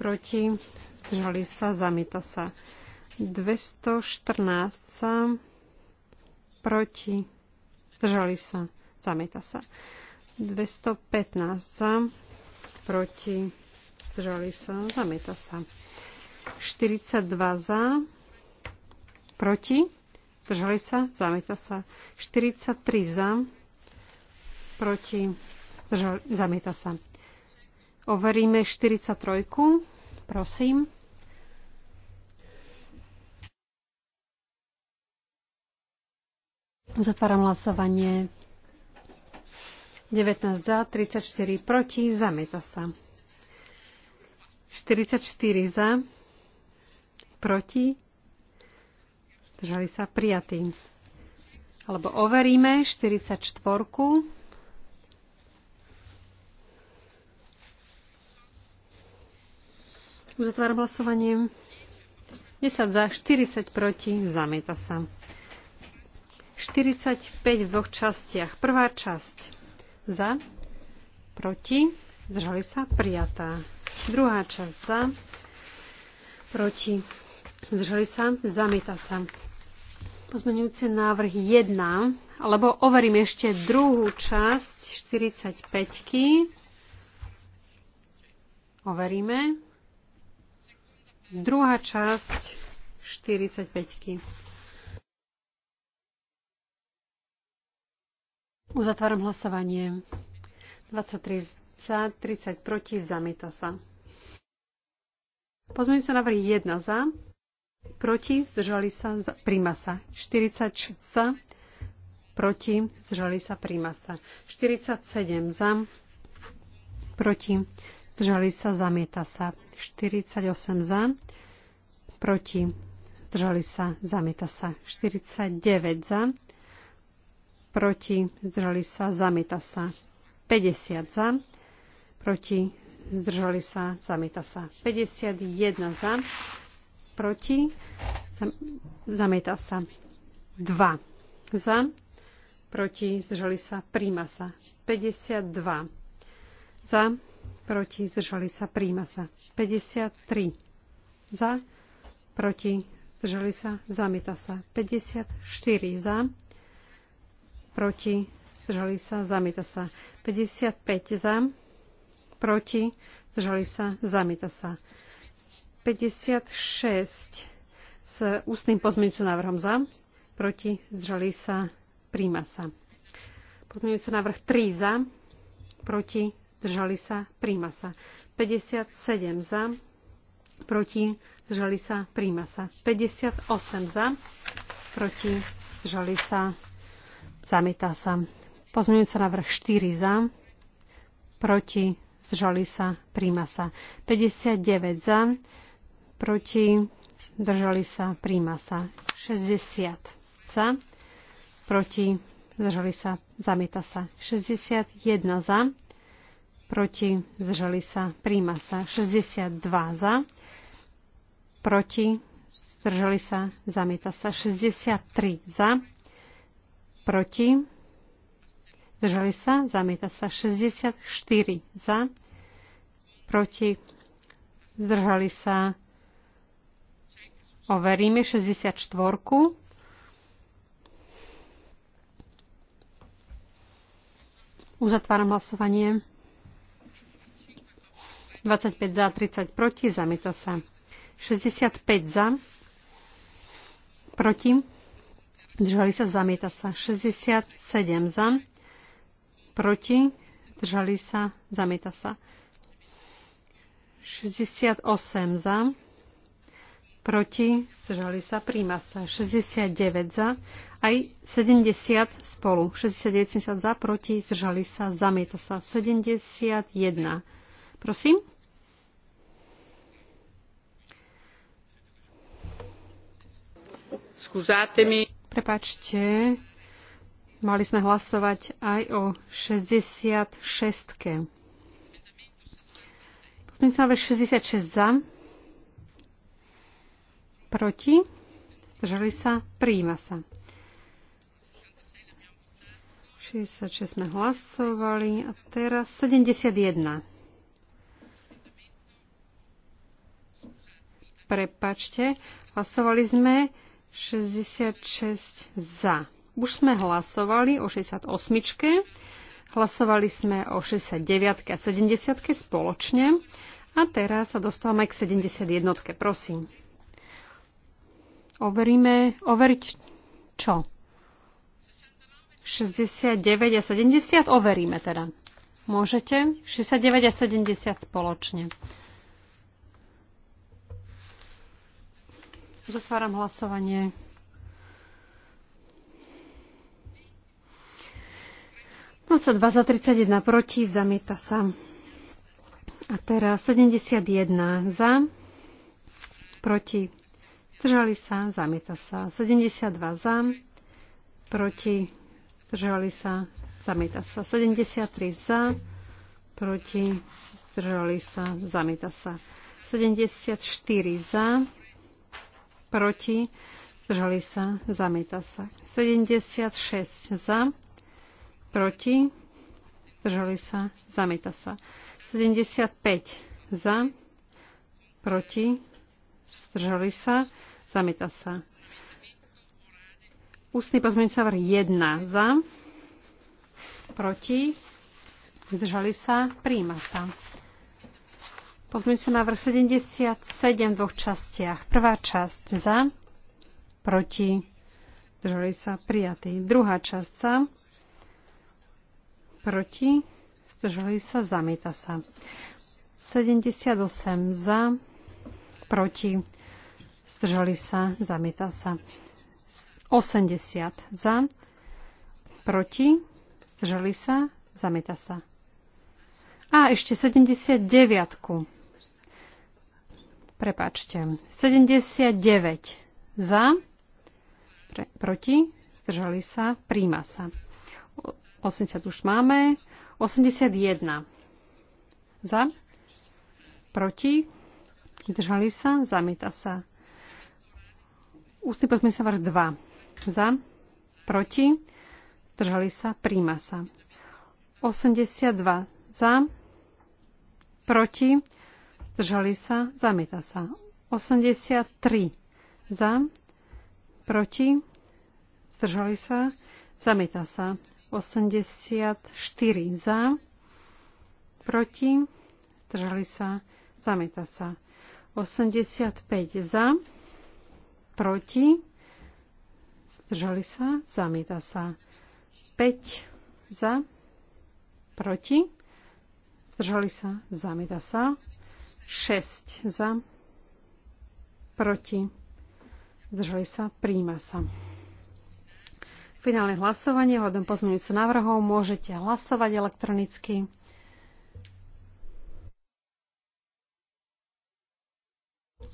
proti, zdržali sa, zamieta sa. 214 za, proti, zdržali sa, zamieta sa. 215 za, proti, zdržali sa, zamieta sa. 42 za, proti, zdržali sa, zamieta sa. 43 za, proti, zdržali, zamieta sa. Overíme 43, prosím. Uzatváram hlasovanie 19 za, 34 proti, zamieta sa. 44 za, proti, držali sa prijatí. Alebo overíme 44. Uzatváram hlasovanie. 10 za, 40 proti, zamieta sa. 45 v dvoch častiach. Prvá časť za, proti, zdržali sa, prijatá. Druhá časť za, proti, zdržali sa, zamieta sa. Pozmenujúci návrh 1, alebo overím ešte druhú časť 45 Overíme. Druhá časť 45 Uzatváram hlasovanie. 23 za, 30 proti, zamieta sa. sa návrhy 1 za, proti, zdržali sa, príma príjma sa. 46 za, proti, zdržali sa, príjma sa. 47 za, proti, zdržali sa, zamieta sa. 48 za, proti, zdržali sa, zamieta sa. 49 za, proti, zdržali sa, zamieta sa. 50 za, proti, zdržali sa, zamieta sa. 51 za, proti, zamieta sa. 2 za, proti, zdržali sa, príjma sa. 52 za, proti, zdržali sa, príjma sa. 53 za, proti, zdržali sa, zamieta sa. 54 za, proti, zdržali sa, zamieta sa. 55 za, proti, zdržali sa, zamieta sa. 56 s ústnym pozmeňujúcim návrhom za, proti, zdržali sa, príjma sa. Pozmeňujúci návrh 3 za, proti, zdržali sa, príjma sa. 57 za, proti, zdržali sa, príjma sa. 58 za, proti, zdržali sa, Zamieta sa. Pozmeňujúca návrh 4 za. Proti. Zdržali sa. Príjma sa. 59 za. Proti. Zdržali sa. Príjma sa. 60 za. Proti. Zdržali sa. Zamieta sa. 61 za. Proti. Zdržali sa. Príjma sa. 62 za. Proti. Zdržali sa. Zamieta sa. 63 za proti, zdržali sa, zamieta sa 64 za, proti, zdržali sa, overíme 64. Uzatváram hlasovanie. 25 za, 30 proti, zamieta sa. 65 za, proti, Zdržali sa, zamieta sa. 67 za, proti, zdržali sa, zamieta sa. 68 za, proti, zdržali sa, príjma sa. 69 za, aj 70 spolu. 69 za, proti, zdržali sa, zamieta sa. 71. Prosím. Scusatemi. Prepačte, mali sme hlasovať aj o 66. Pozmeňujúci sa 66 za, proti, zdržali sa, prijíma sa. 66 sme hlasovali a teraz 71. Prepačte, hlasovali sme 66 za. Už sme hlasovali o 68. Hlasovali sme o 69. a 70. spoločne. A teraz sa dostávame k 71. Prosím. Overíme, overiť čo? 69 a 70 overíme teda. Môžete? 69 a 70 spoločne. Zatváram hlasovanie. Noca 2 za 31 proti, zamieta sa. A teraz 71 za, proti, zdržali sa, zamieta sa. 72 za, proti, zdržali sa, zamieta sa. 73 za, proti, zdržali sa, zamieta sa. 74 za, proti, zdržali sa, zamieta sa. 76 za, proti, zdržali sa, zamieta sa. 75 za, proti, zdržali sa, zamieta sa. Ústny pozmeňujúci návrh 1 za, proti, zdržali sa, príjma sa. Pozmeňujúci návrh 77 v dvoch častiach. Prvá časť za, proti, zdržali sa, prijatý. Druhá časť za, proti, zdržali sa, zamieta sa. 78 za, proti, zdržali sa, zamieta sa. 80 za, proti, zdržali sa, zamieta sa. A ešte 79. Prepačte. 79 za, pre, proti, zdržali sa, príjma sa. 80 už máme. 81 za, proti, zdržali sa, zamieta sa. Ústny pozmeňovací 2 za, proti, zdržali sa, príjma sa. 82 za, proti, zdržali sa, zamieta sa. 83 za, proti, zdržali sa, zamieta sa. 84 za, proti, zdržali sa, zamieta sa. 85 za, proti, zdržali sa, zamieta sa. 5 za, proti, zdržali sa, zamieta sa. 6 za, proti, zdržali sa, príjma sa. Finálne hlasovanie hľadom pozmeňujúce návrhov môžete hlasovať elektronicky.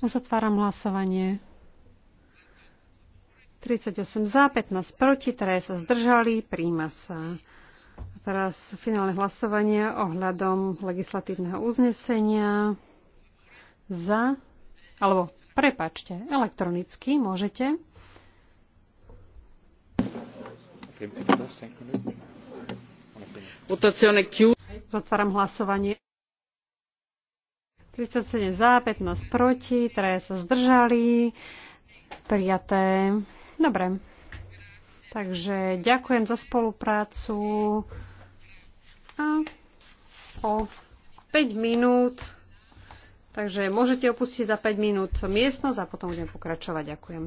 Uzatváram hlasovanie. 38 za, 15 proti, ktoré sa zdržali, príjma sa. A teraz finálne hlasovanie ohľadom legislatívneho uznesenia za, alebo prepačte, elektronicky môžete. Zotváram hlasovanie. 37 za, 15 proti, 3 sa zdržali, prijaté. Dobre. Takže ďakujem za spoluprácu. A o 5 minút Takže môžete opustiť za 5 minút miestnosť a potom budem pokračovať. Ďakujem.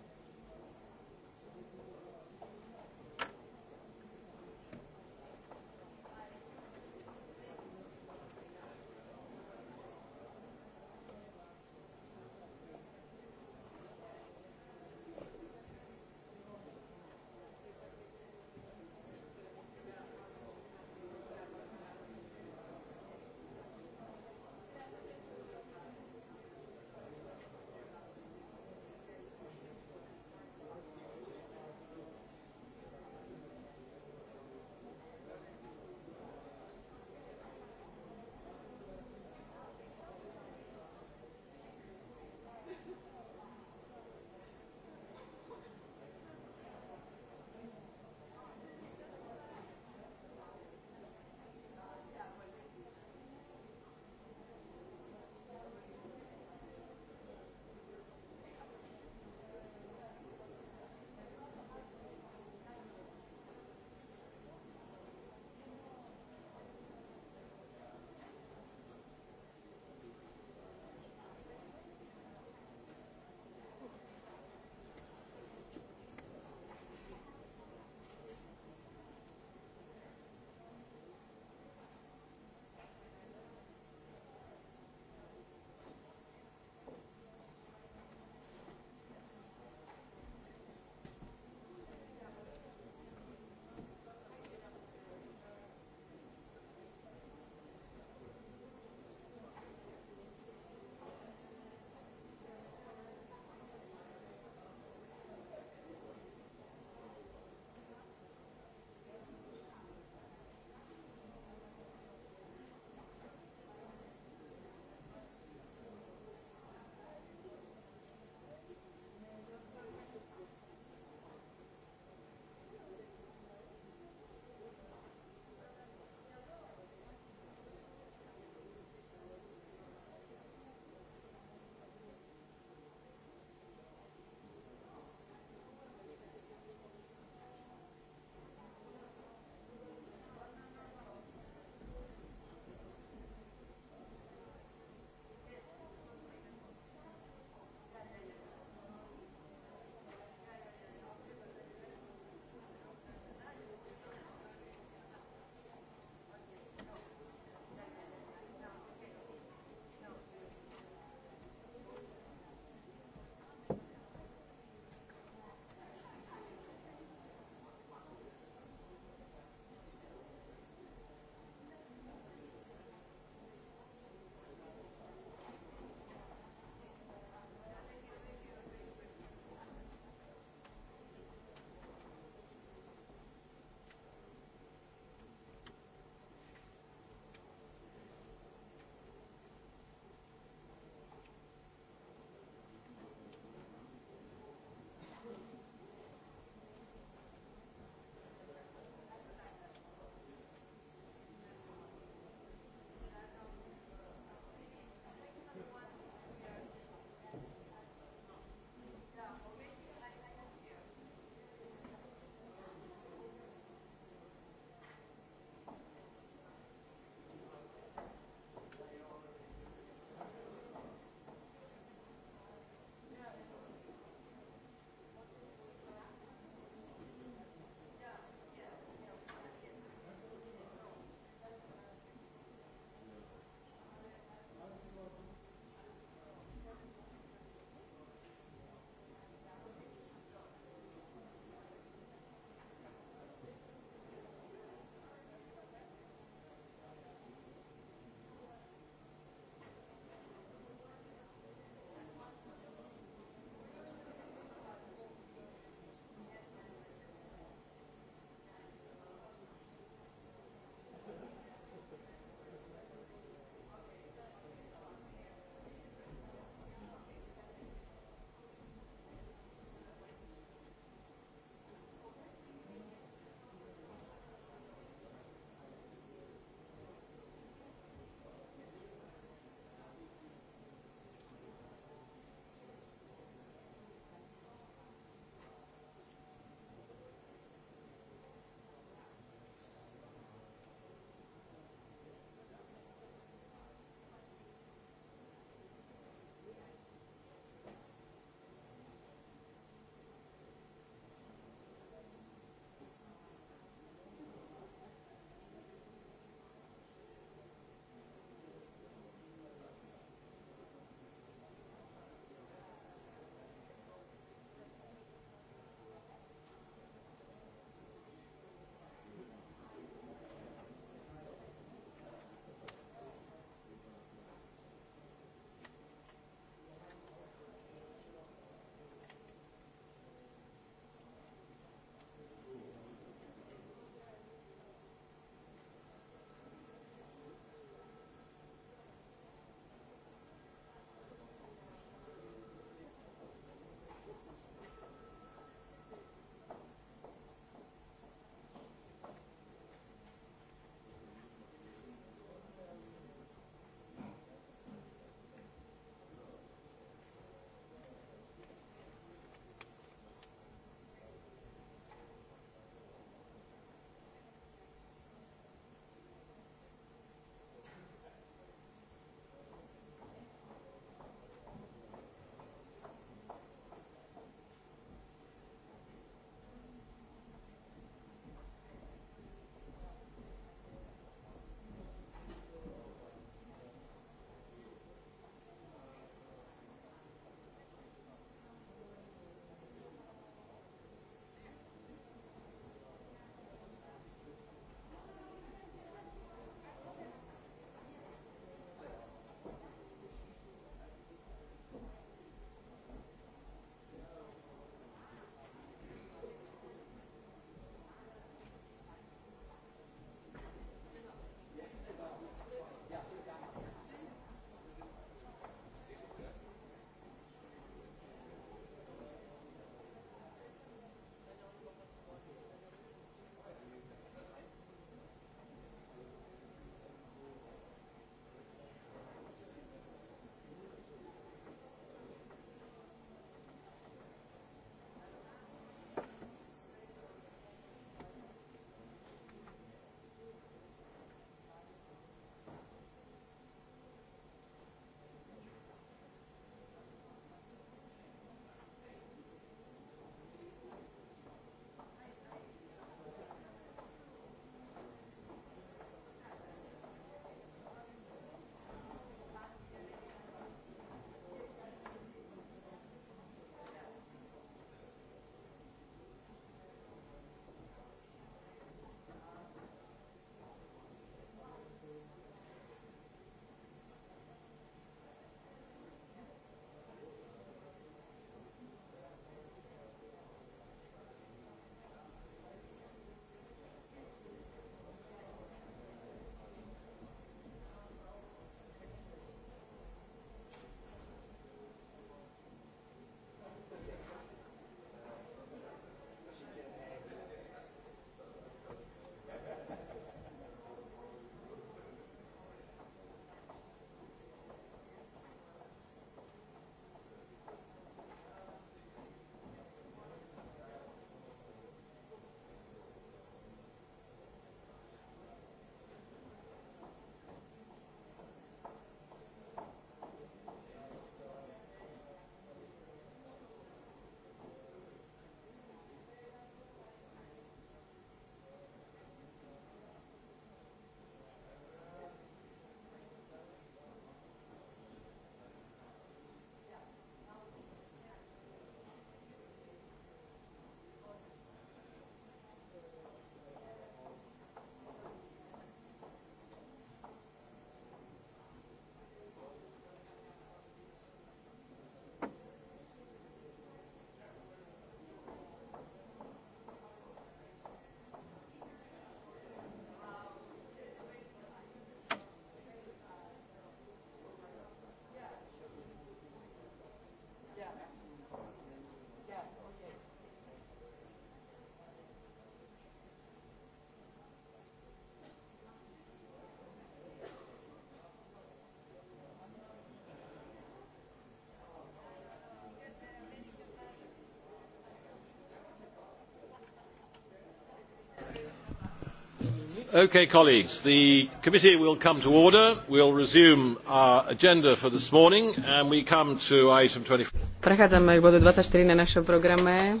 colleagues the committee will come to order we will resume our agenda for this morning and we come to item. twenty four prechádzame k bodu twenty four na našom programe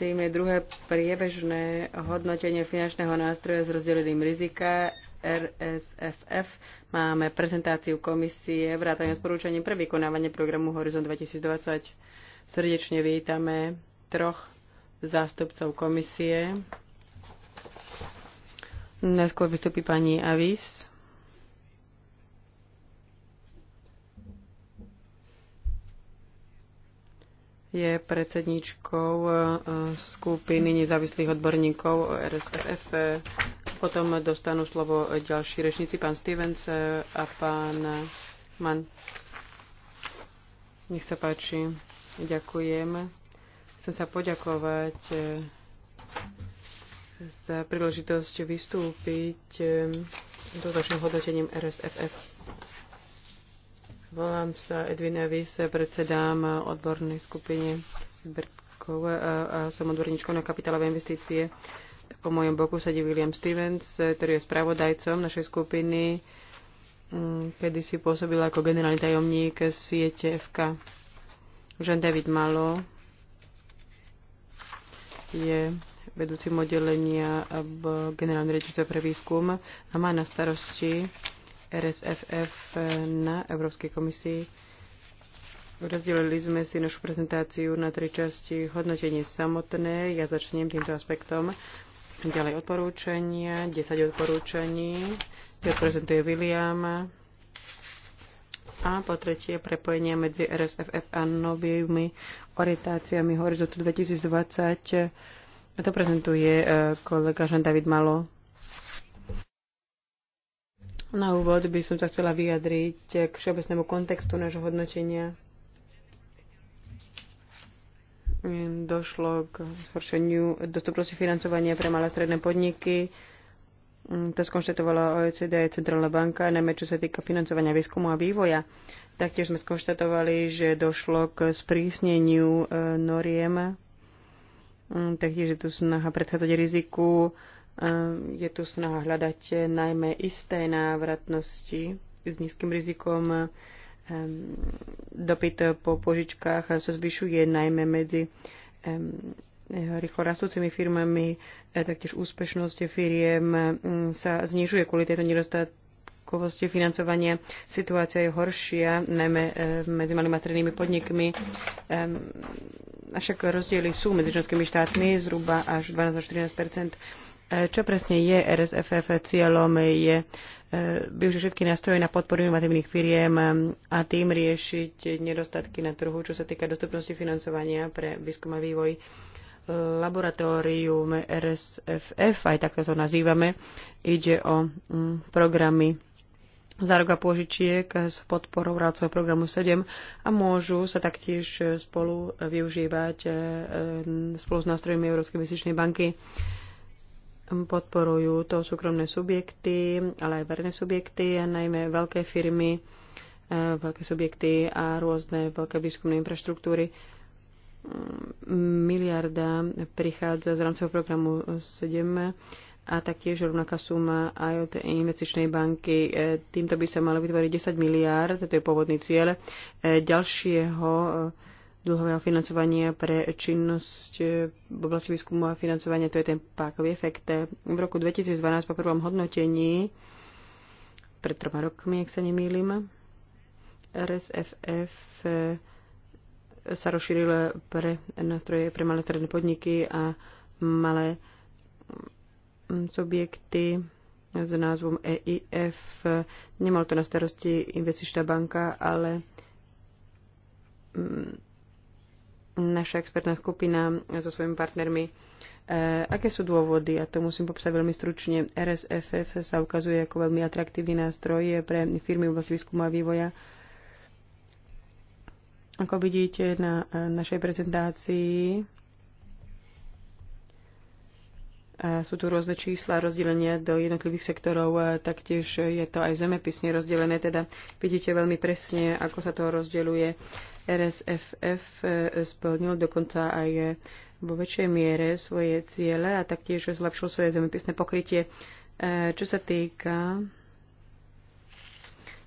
tým je druhé priebežné hodnotenie finančného nástroja s rozdelením rizika RSFF. Máme prezentáciu komisie vrátane odporúčaní pre vykonávanie programu Horizon 2020. Srdečne vítame troch zástupcov komisie. Najskôr vystúpi pani Avis. Je predsedničkou e, skupiny nezávislých odborníkov RSFF. Potom dostanú slovo ďalší rečníci, pán Stevens a pán Mann. Nech sa páči. Ďakujem. Chcem sa poďakovať e, za príležitosť vystúpiť ehm, do vašim hodnotením RSFF. Volám sa Edvina Vise, predsedám odbornej skupine Bertkov a som odborníčkou na kapitálové investície. Po mojom boku sedí William Stevens, ktorý je spravodajcom našej skupiny, mm, kedy si pôsobil ako generálny tajomník siete FK. Jean David Malo je vedúcim oddelenia v generálnej rečice pre výskum a má na starosti RSFF na Európskej komisii. Rozdelili sme si našu prezentáciu na tri časti. Hodnotenie samotné, ja začnem týmto aspektom. Ďalej odporúčania, 10 odporúčaní, ktoré prezentuje William. A po tretie prepojenie medzi RSFF a novými orientáciami Horizontu 2020 to prezentuje e, kolega Jean David Malo. Na úvod by som sa chcela vyjadriť k všeobecnému kontextu nášho hodnotenia. Došlo k zhoršeniu dostupnosti financovania pre malé a stredné podniky. To skonštatovala OECD a Centrálna banka, najmä čo sa týka financovania výskumu a vývoja. Taktiež sme skonštatovali, že došlo k sprísneniu e, noriem Mm, taktiež je tu snaha predchádzať riziku, ehm, je tu snaha hľadať najmä isté návratnosti s nízkym rizikom. Ehm, dopyt po požičkách sa zvyšuje najmä medzi ehm, rýchlo rastúcimi firmami, e, taktiež úspešnosť firiem mm, sa znižuje kvôli tejto nedostatku celkovosti financovania situácia je horšia, najmä e, medzi malými a strednými podnikmi. E, avšak rozdiely sú medzi členskými štátmi zhruba až 12 až 13 e, čo presne je RSFF cieľom je využiť všetky nástroje na podporu inovatívnych firiem a tým riešiť nedostatky na trhu, čo sa týka dostupnosti financovania pre výskum a vývoj laboratórium RSFF, aj takto to nazývame. Ide o mm, programy záruk a pôžičiek s podporou rácového programu 7 a môžu sa taktiež spolu využívať e, e, spolu s nástrojmi Európskej investičnej banky. Podporujú to súkromné subjekty, ale aj verejné subjekty, a najmä veľké firmy, e, veľké subjekty a rôzne veľké výskumné infraštruktúry. Mm, miliarda prichádza z rámcového programu 7 a taktiež rovnaká suma aj od investičnej banky. E, týmto by sa malo vytvoriť 10 miliárd, to je pôvodný cieľ, e, ďalšieho e, dlhového financovania pre činnosť v oblasti výskumu a financovania, to je ten pákový efekt. V roku 2012 po prvom hodnotení, pred troma rokmi, ak sa nemýlim, RSFF sa rozšíril pre nástroje pre malé stredné podniky a malé subjekty s názvom EIF. Nemal to na starosti investičná banka, ale naša expertná skupina so svojimi partnermi. E, aké sú dôvody? A to musím popísať veľmi stručne. RSFF sa ukazuje ako veľmi atraktívny nástroj pre firmy v oblasti výskumu a vývoja. Ako vidíte na e, našej prezentácii, sú tu rôzne čísla rozdelenia do jednotlivých sektorov, taktiež je to aj zemepisne rozdelené, teda vidíte veľmi presne, ako sa to rozdeluje. RSFF e, splnil dokonca aj e, vo väčšej miere svoje ciele a taktiež zlepšil svoje zemepisné pokrytie. E, čo sa týka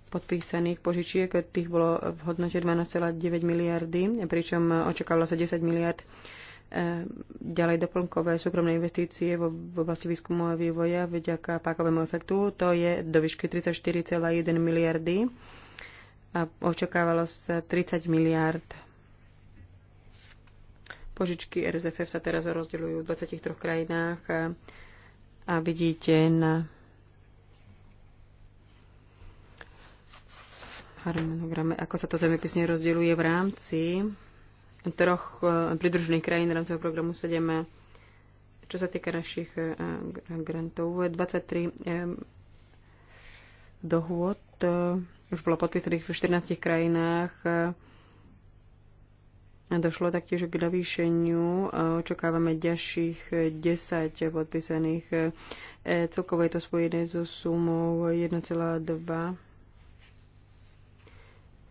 podpísaných požičiek, tých bolo v hodnote 12,9 miliardy, pričom očakávalo sa 10 miliard Ehm, ďalej doplnkové súkromné investície v oblasti výskumu a vývoja vďaka pákovému efektu. To je do výšky 34,1 miliardy a očakávalo sa 30 miliard. Požičky RZFF sa teraz rozdeľujú v 23 krajinách a, a vidíte na harmonograme, ako sa to zemepisne rozdeľuje v rámci troch eh, pridružených krajín rámcového programu 7. Čo sa týka našich eh, grantov, 23 eh, dohôd už bolo podpísaných v 14 krajinách. Došlo taktiež k navýšeniu. Očakávame ďalších 10 podpísaných. Celkovo je to spojené so sumou 1,2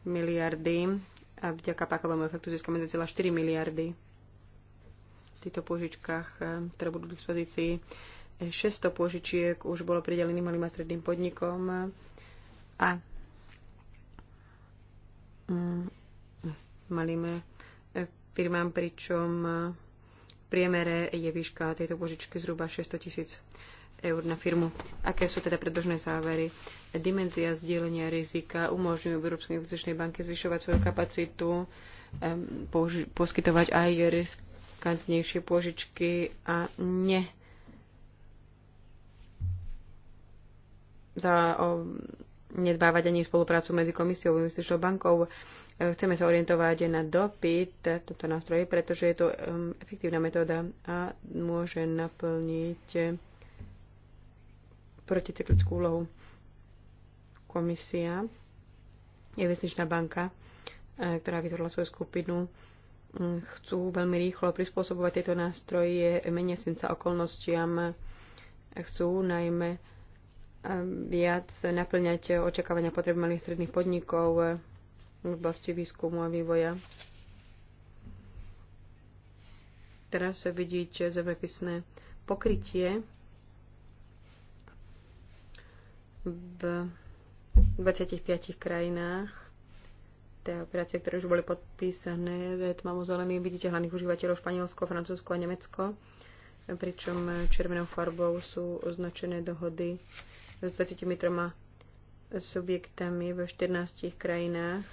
miliardy a vďaka pakovému efektu získame 2,4 miliardy v týchto požičkách, eh, ktoré budú k dispozícii. 600 eh, požičiek už bolo pridelených malým a stredným podnikom a mm, malým eh, firmám, pričom v priemere je výška tejto požičky zhruba 600 tisíc eur na firmu. Aké sú teda predbežné závery? Dimenzia zdieľania rizika umožňujú Európskej investičnej banke zvyšovať svoju kapacitu, poskytovať aj riskantnejšie pôžičky a ne za o, nedbávať ani spoluprácu medzi komisiou a investičnou bankou. E, chceme sa orientovať na dopyt toto nástroje, pretože je to um, efektívna metóda a môže naplniť proticyklickú úlohu. Komisia, investičná banka, e, ktorá vytvorila svoju skupinu, mm, chcú veľmi rýchlo prispôsobovať tieto nástroje meniacim sa okolnostiam, chcú najmä e, viac naplňať očakávania potreby malých stredných podnikov e, v oblasti výskumu a vývoja. Teraz vidíte zemepisné pokrytie v 25 krajinách. Tie operácie, ktoré už boli podpísané, tmavo zelený, vidíte hlavných užívateľov Španielsko, Francúzsko a Nemecko, pričom červenou farbou sú označené dohody s 23 subjektami v 14 krajinách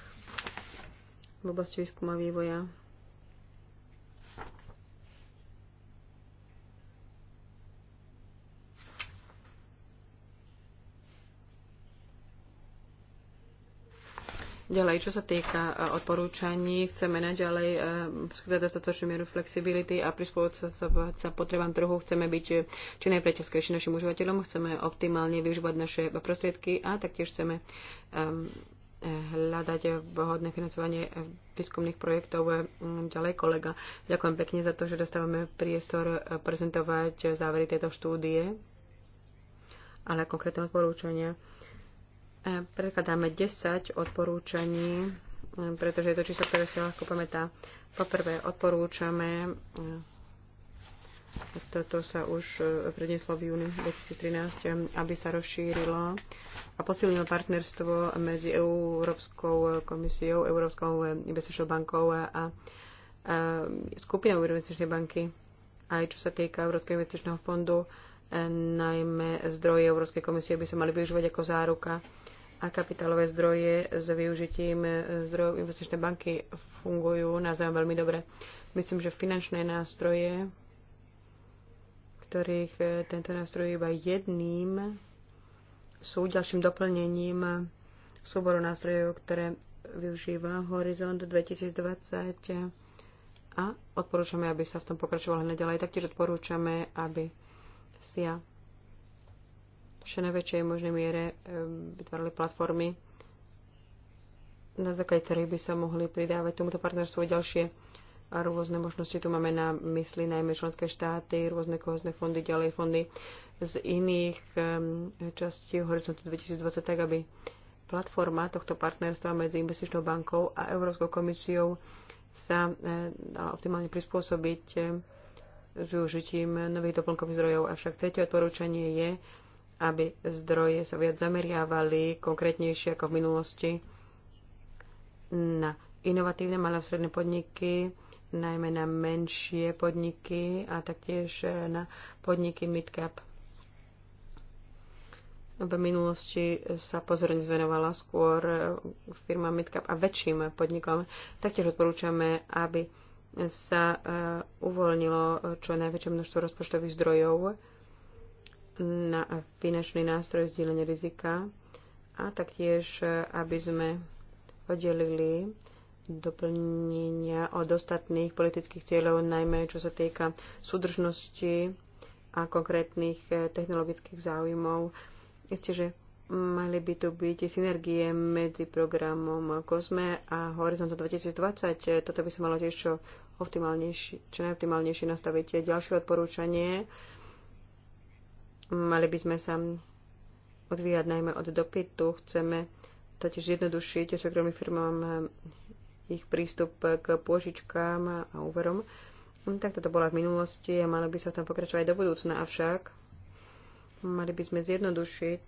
v oblasti výskuma vývoja. Ďalej, čo sa týka e, odporúčaní, chceme naďalej e, poskytovať dostatočnú mieru flexibility a prispôsobiť sa potrebám trhu. Chceme byť e, či najpriateľskejší našim užívateľom, chceme optimálne využívať naše prostriedky a taktiež chceme hľadať vhodné financovanie výskumných projektov. Ďalej kolega, ďakujem pekne za to, že dostávame priestor prezentovať závery tejto štúdie, ale konkrétne odporúčania E, Prekladáme 10 odporúčaní, e, pretože je to číslo, ktoré si ľahko pamätá. Poprvé odporúčame, e, toto sa už predneslo v júni 2013, aby sa rozšírilo a posilnilo partnerstvo medzi Európskou komisiou, Európskou investičnou bankou a skupinou Európskej banky aj čo sa týka Európskeho investičného fondu najmä zdroje Európskej komisie by sa mali využívať ako záruka a kapitálové zdroje s využitím zdrojov investičnej banky fungujú naozaj veľmi dobre. Myslím, že finančné nástroje, ktorých eh, tento nástroj je iba jedným, sú ďalším doplnením súboru nástrojov, ktoré využíva Horizont 2020 a odporúčame, aby sa v tom pokračovalo hneď ďalej. Taktiež odporúčame, aby SIA vše na najväčšej možnej miere ehm, vytvárali platformy, na základe ktorých by sa mohli pridávať tomuto partnerstvu ďalšie a rôzne možnosti. Tu máme na mysli najmä členské štáty, rôzne kohozné fondy, ďalej fondy z iných ehm, častí Horizontu 2020, tak aby platforma tohto partnerstva medzi Investičnou bankou a Európskou komisiou sa eh, dala optimálne prispôsobiť ehm, využitím nových doplnkových zdrojov. Avšak tretie odporúčanie je, aby zdroje sa viac zameriavali konkrétnejšie ako v minulosti na inovatívne malé a stredné podniky, najmä na menšie podniky a taktiež na podniky midcap. V minulosti sa pozorne zvenovala skôr firma midcap a väčším podnikom. Taktiež odporúčame, aby sa e, uvoľnilo e, čo najväčšie množstvo rozpočtových zdrojov na finančný nástroj zdieľania rizika a taktiež, e, aby sme oddelili doplnenia od ostatných politických cieľov, najmä čo sa týka súdržnosti a konkrétnych technologických záujmov. Isté, že Mali by tu byť synergie medzi programom COSME a Horizonto 2020. Toto by sa malo tiež čo, čo najoptimálnejšie nastaviť. Ďalšie odporúčanie. Mali by sme sa odvíjať najmä od dopytu. Chceme totiž jednodušiť súkromným firmám ich prístup k pôžičkám a úverom. Tak toto bola v minulosti a malo by sa tam pokračovať do budúcna. Avšak mali by sme zjednodušiť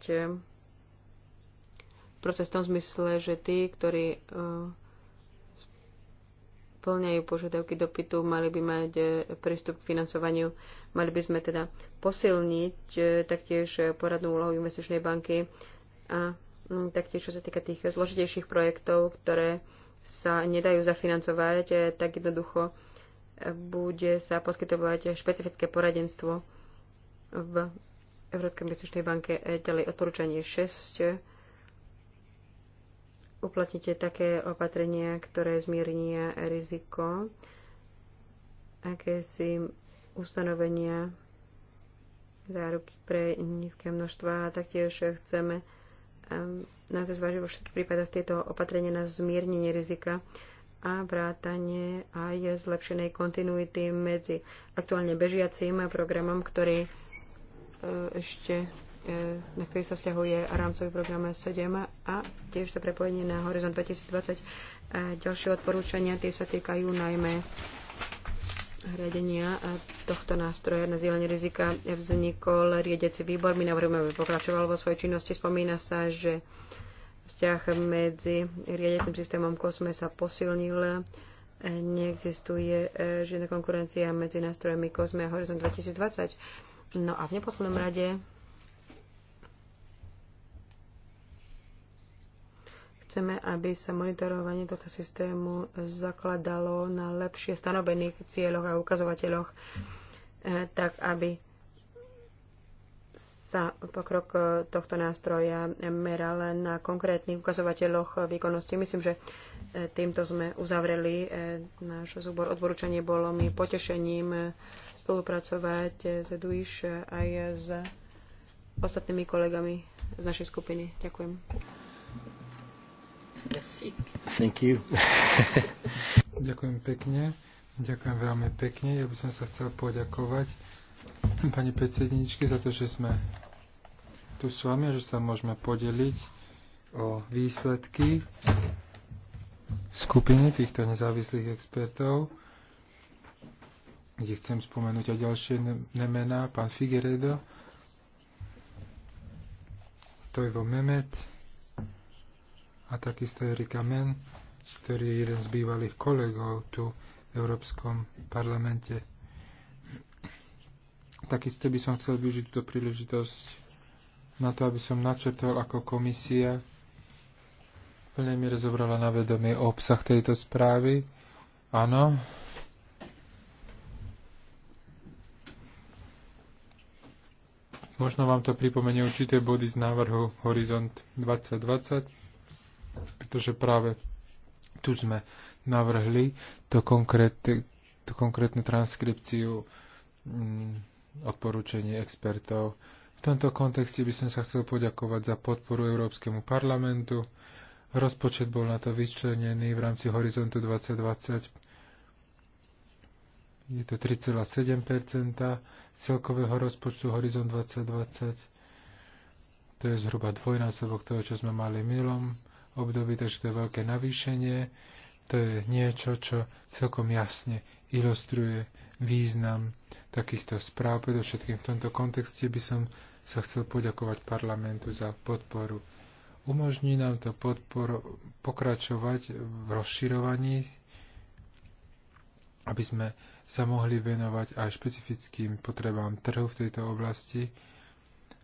proces v tom zmysle, že tí, ktorí e, plňajú požiadavky dopytu, mali by mať e, prístup k financovaniu. Mali by sme teda posilniť e, taktiež poradnú úlohu investičnej banky a taktiež čo sa týka tých zložitejších projektov, ktoré sa nedajú zafinancovať, tak jednoducho bude sa poskytovať špecifické poradenstvo v Európskej investičnej banke, ďalej odporúčanie 6 uplatnite také opatrenia, ktoré zmiernia riziko, aké si ustanovenia záruky pre nízke množstva a taktiež chceme um, nás zvážiť vo všetkých prípadoch tieto opatrenia na zmiernenie rizika a vrátanie aj zlepšenej kontinuity medzi aktuálne bežiacím programom, ktorý uh, ešte Eh, na ktorý sa vzťahuje rámcový program 7 a tiež to prepojenie na Horizon 2020. A ďalšie odporúčania tie sa týkajú najmä riadenia eh, tohto nástroja na zielenie rizika vznikol riedeci výbor. My navrhujeme, aby pokračoval vo svojej činnosti. Spomína sa, že vzťah medzi riadiacim systémom Kosme sa posilnil. Neexistuje eh, žiadna konkurencia medzi nástrojmi Kosme a Horizon 2020. No a v neposlednom rade Chceme, aby sa monitorovanie tohto systému zakladalo na lepšie stanovených cieľoch a ukazovateľoch, eh, tak aby sa pokrok eh, tohto nástroja meral na konkrétnych ukazovateľoch výkonnosti. Myslím, že eh, týmto sme uzavreli náš zúbor odporúčanie. Bolo mi potešením spolupracovať s Duiš aj s ostatnými kolegami z našej skupiny. Ďakujem. Thank you. Ďakujem pekne. Ďakujem veľmi pekne. Ja by som sa chcel poďakovať pani predsedničke za to, že sme tu s vami a že sa môžeme podeliť o výsledky skupiny týchto nezávislých expertov, kde chcem spomenúť aj ďalšie nemená, pán Figueredo, Tojvo Memec, a takisto Erika Men, ktorý je jeden z bývalých kolegov tu v Európskom parlamente. Takisto by som chcel využiť túto príležitosť na to, aby som načetol ako komisia v plnej miere zobrala na vedomie obsah tejto správy. Áno, Možno vám to pripomenie určité body z návrhu Horizont 2020 pretože práve tu sme navrhli to konkrétne, tú konkrétnu transkripciu mm, odporúčení expertov. V tomto kontexte by som sa chcel poďakovať za podporu Európskemu parlamentu. Rozpočet bol na to vyčlenený v rámci Horizontu 2020. Je to 3,7 celkového rozpočtu Horizont 2020. To je zhruba dvojnásobok toho, čo sme mali milom období, takže to je veľké navýšenie. To je niečo, čo celkom jasne ilustruje význam takýchto správ. Predovšetkým v tomto kontexte by som sa chcel poďakovať parlamentu za podporu. Umožní nám to podporu pokračovať v rozširovaní, aby sme sa mohli venovať aj špecifickým potrebám trhu v tejto oblasti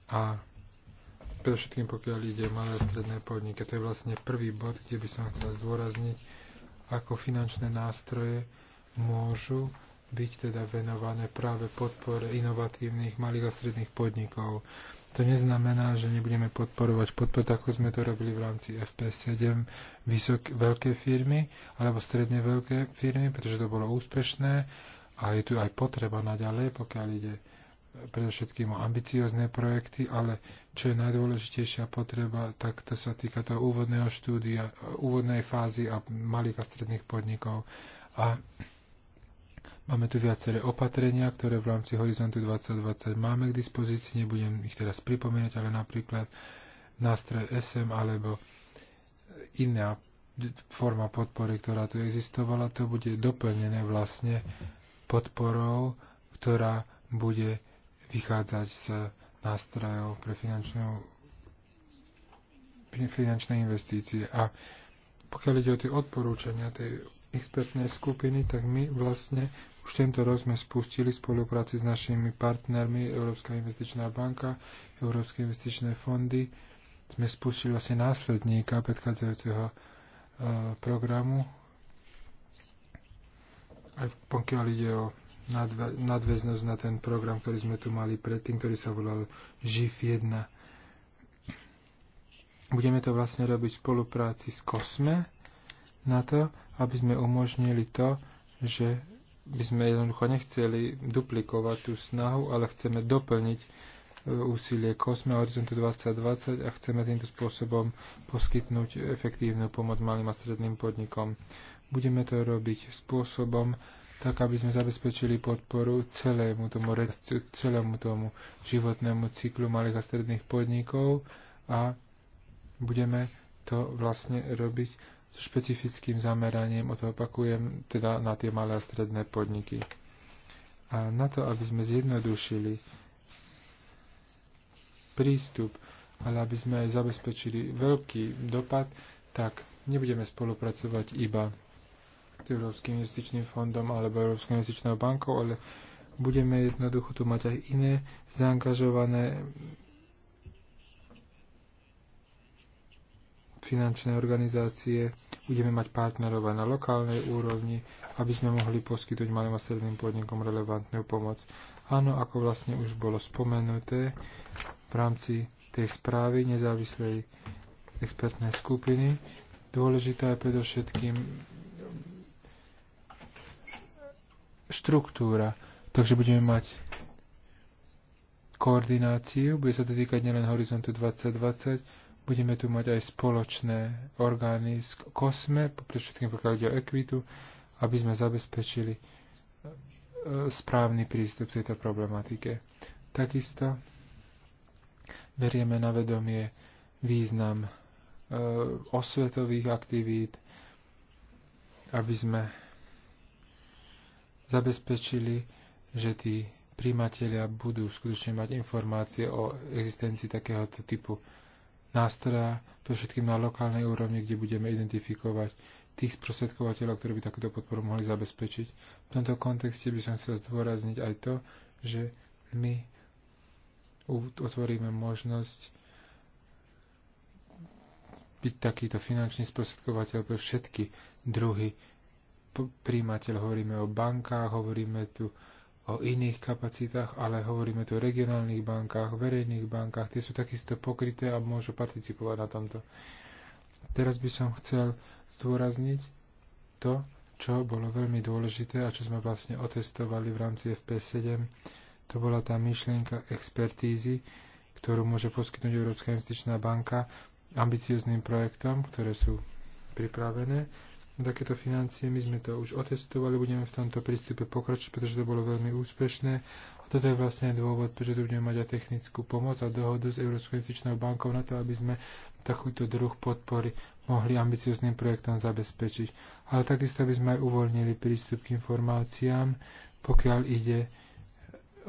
a predovšetkým pokiaľ ide o malé a stredné podniky. To je vlastne prvý bod, kde by som chcel zdôrazniť, ako finančné nástroje môžu byť teda venované práve podpore inovatívnych malých a stredných podnikov. To neznamená, že nebudeme podporovať podpor, ako sme to robili v rámci FP7, vysok, veľké firmy alebo stredne veľké firmy, pretože to bolo úspešné a je tu aj potreba naďalej, pokiaľ ide predovšetkým o ambiciozne projekty, ale čo je najdôležitejšia potreba, tak to sa týka toho úvodného štúdia, úvodnej fázy a malých a stredných podnikov. A máme tu viaceré opatrenia, ktoré v rámci Horizontu 2020 máme k dispozícii, nebudem ich teraz pripomínať, ale napríklad nástroj SM alebo iná forma podpory, ktorá tu existovala, to bude doplnené vlastne podporou, ktorá bude vychádzať z nástrojov pre finančné investície. A pokiaľ ide o tie odporúčania tej expertnej skupiny, tak my vlastne už tento rok sme spustili spolupráci s našimi partnermi Európska investičná banka, Európske investičné fondy. Sme spustili vlastne následníka predchádzajúceho e, programu, aj pokiaľ ide o nadväznosť na ten program, ktorý sme tu mali predtým, ktorý sa volal ŽIF 1. Budeme to vlastne robiť v spolupráci s Kosme na to, aby sme umožnili to, že by sme jednoducho nechceli duplikovať tú snahu, ale chceme doplniť e, úsilie Kosme Horizontu 2020 a chceme týmto spôsobom poskytnúť efektívnu pomoc malým a stredným podnikom. Budeme to robiť spôsobom, tak aby sme zabezpečili podporu celému tomu, celému tomu životnému cyklu malých a stredných podnikov a budeme to vlastne robiť so špecifickým zameraním, o to opakujem, teda na tie malé a stredné podniky. A na to, aby sme zjednodušili prístup, ale aby sme aj zabezpečili veľký dopad, tak nebudeme spolupracovať iba Európskym investičným fondom alebo Európskou investičnou bankou, ale budeme jednoducho tu mať aj iné zaangažované finančné organizácie, budeme mať partnerov aj na lokálnej úrovni, aby sme mohli poskytnúť malým a stredným podnikom relevantnú pomoc. Áno, ako vlastne už bolo spomenuté, v rámci tej správy nezávislej expertnej skupiny dôležitá je predovšetkým štruktúra. Takže budeme mať koordináciu, bude sa to týkať nielen horizontu 2020, budeme tu mať aj spoločné orgány z kosme, pre všetkým pokiaľ ide o ekvitu, aby sme zabezpečili e, správny prístup k tejto problematike. Takisto berieme na vedomie význam e, osvetových aktivít, aby sme zabezpečili, že tí príjmatelia budú skutočne mať informácie o existencii takéhoto typu nástroja, to všetkým na lokálnej úrovni, kde budeme identifikovať tých sprostredkovateľov, ktorí by takúto podporu mohli zabezpečiť. V tomto kontexte by som chcel zdôrazniť aj to, že my otvoríme možnosť byť takýto finančný sprostredkovateľ pre všetky druhy príjimateľ, hovoríme o bankách, hovoríme tu o iných kapacitách, ale hovoríme tu o regionálnych bankách, verejných bankách, tie sú takisto pokryté a môžu participovať na tomto. Teraz by som chcel zdôrazniť to, čo bolo veľmi dôležité a čo sme vlastne otestovali v rámci FP7. To bola tá myšlienka expertízy, ktorú môže poskytnúť Európska investičná banka ambiciozným projektom, ktoré sú pripravené na takéto financie. My sme to už otestovali, budeme v tomto prístupe pokračovať, pretože to bolo veľmi úspešné. A toto je vlastne dôvod, prečo tu budeme mať aj technickú pomoc a dohodu s Európskou investičnou bankou na to, aby sme takúto druh podpory mohli ambiciozným projektom zabezpečiť. Ale takisto by sme aj uvoľnili prístup k informáciám, pokiaľ ide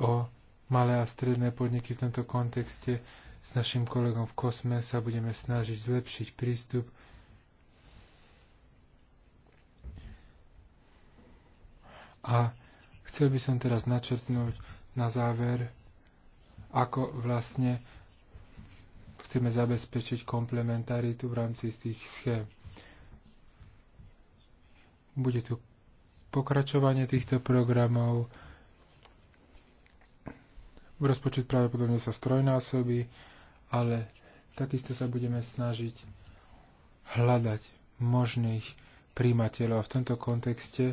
o malé a stredné podniky v tomto kontexte. S našim kolegom v Kosme sa budeme snažiť zlepšiť prístup A chcel by som teraz načrtnúť na záver, ako vlastne chceme zabezpečiť komplementaritu v rámci tých schém. Bude tu pokračovanie týchto programov. Rozpočet pravdepodobne sa strojnásobí, ale takisto sa budeme snažiť hľadať možných príjimateľov. A v tomto kontexte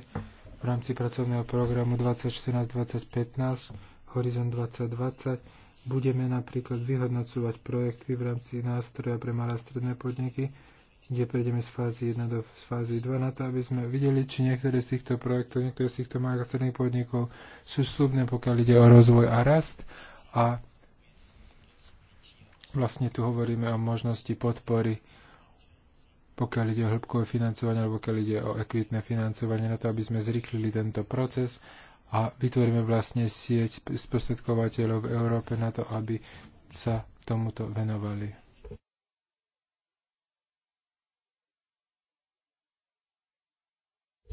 v rámci pracovného programu 2014-2015 Horizon 2020 budeme napríklad vyhodnocovať projekty v rámci nástroja pre malé stredné podniky, kde prejdeme z fázy 1 do fázy 2 na to, aby sme videli, či niektoré z týchto projektov, niektoré z týchto malých stredných podnikov sú slubné, pokiaľ ide o rozvoj a rast. A vlastne tu hovoríme o možnosti podpory pokiaľ ide o hĺbkové financovanie alebo pokiaľ ide o ekvitné financovanie, na to, aby sme zrýchlili tento proces a vytvoríme vlastne sieť sprostredkovateľov v Európe na to, aby sa tomuto venovali.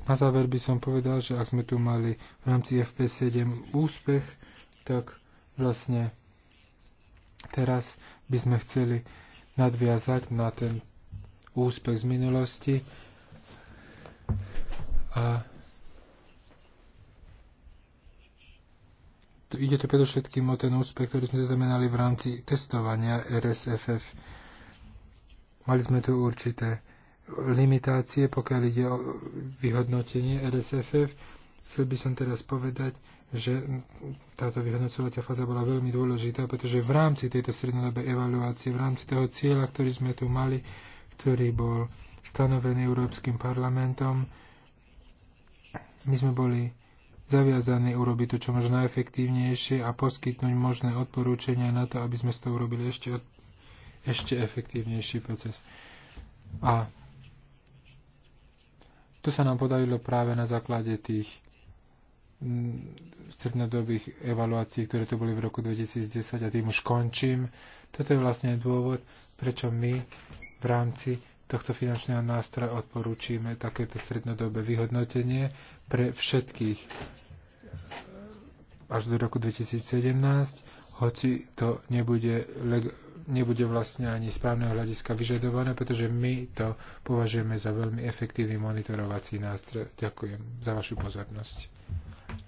Na záver by som povedal, že ak sme tu mali v rámci FP7 úspech, tak vlastne teraz by sme chceli nadviazať na ten úspech z minulosti a to, ide to predovšetkým o ten úspech, ktorý sme zaznamenali v rámci testovania RSFF. Mali sme tu určité limitácie, pokiaľ ide o vyhodnotenie RSFF. Chcel by som teraz povedať, že táto vyhodnocovacia fáza bola veľmi dôležitá, pretože v rámci tejto strednodobej evaluácie, v rámci toho cieľa, ktorý sme tu mali, ktorý bol stanovený Európskym parlamentom. My sme boli zaviazaní urobiť to, čo možno najefektívnejšie a poskytnúť možné odporúčania na to, aby sme z toho urobili ešte, ešte efektívnejší proces. A to sa nám podarilo práve na základe tých Mm, strednodobých evaluácií, ktoré tu boli v roku 2010 a tým už končím. Toto je vlastne dôvod, prečo my v rámci tohto finančného nástroja odporúčime takéto strednodobé vyhodnotenie pre všetkých až do roku 2017, hoci to nebude, nebude vlastne ani správneho hľadiska vyžadované, pretože my to považujeme za veľmi efektívny monitorovací nástroj. Ďakujem za vašu pozornosť.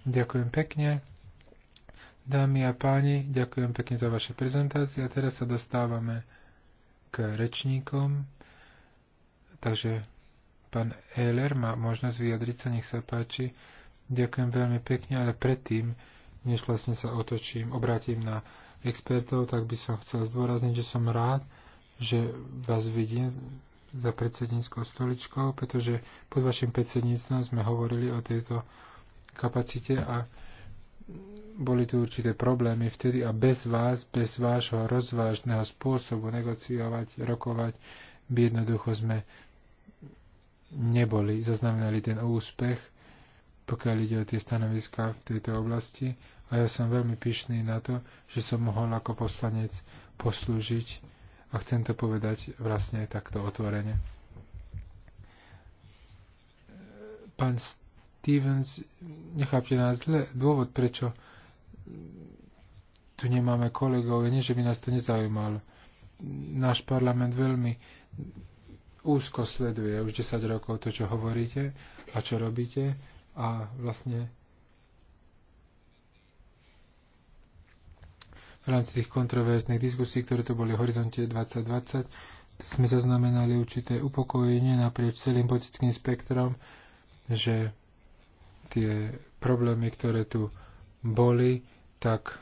Ďakujem pekne. Dámy a páni, ďakujem pekne za vaše prezentácie a teraz sa dostávame k rečníkom. Takže pán Ehler má možnosť vyjadriť sa, nech sa páči. Ďakujem veľmi pekne, ale predtým, než vlastne sa otočím, obrátim na expertov, tak by som chcel zdôrazniť, že som rád, že vás vidím za predsedníckou stoličkou, pretože pod vašim predsedníctvom sme hovorili o tejto kapacite a boli tu určité problémy vtedy a bez vás, bez vášho rozvážneho spôsobu negociovať, rokovať, by jednoducho sme neboli, zaznamenali ten úspech, pokiaľ ide o tie stanoviská v tejto oblasti. A ja som veľmi pyšný na to, že som mohol ako poslanec poslúžiť a chcem to povedať vlastne takto otvorene. Pán St Stevens, nechápte nás zle, dôvod, prečo tu nemáme kolegov, je nie, že by nás to nezaujímalo. Náš parlament veľmi úzko sleduje už 10 rokov to, čo hovoríte a čo robíte a vlastne v rámci tých kontroverzných diskusí, ktoré tu boli v Horizonte 2020, sme zaznamenali určité upokojenie naprieč celým politickým spektrom, že tie problémy, ktoré tu boli, tak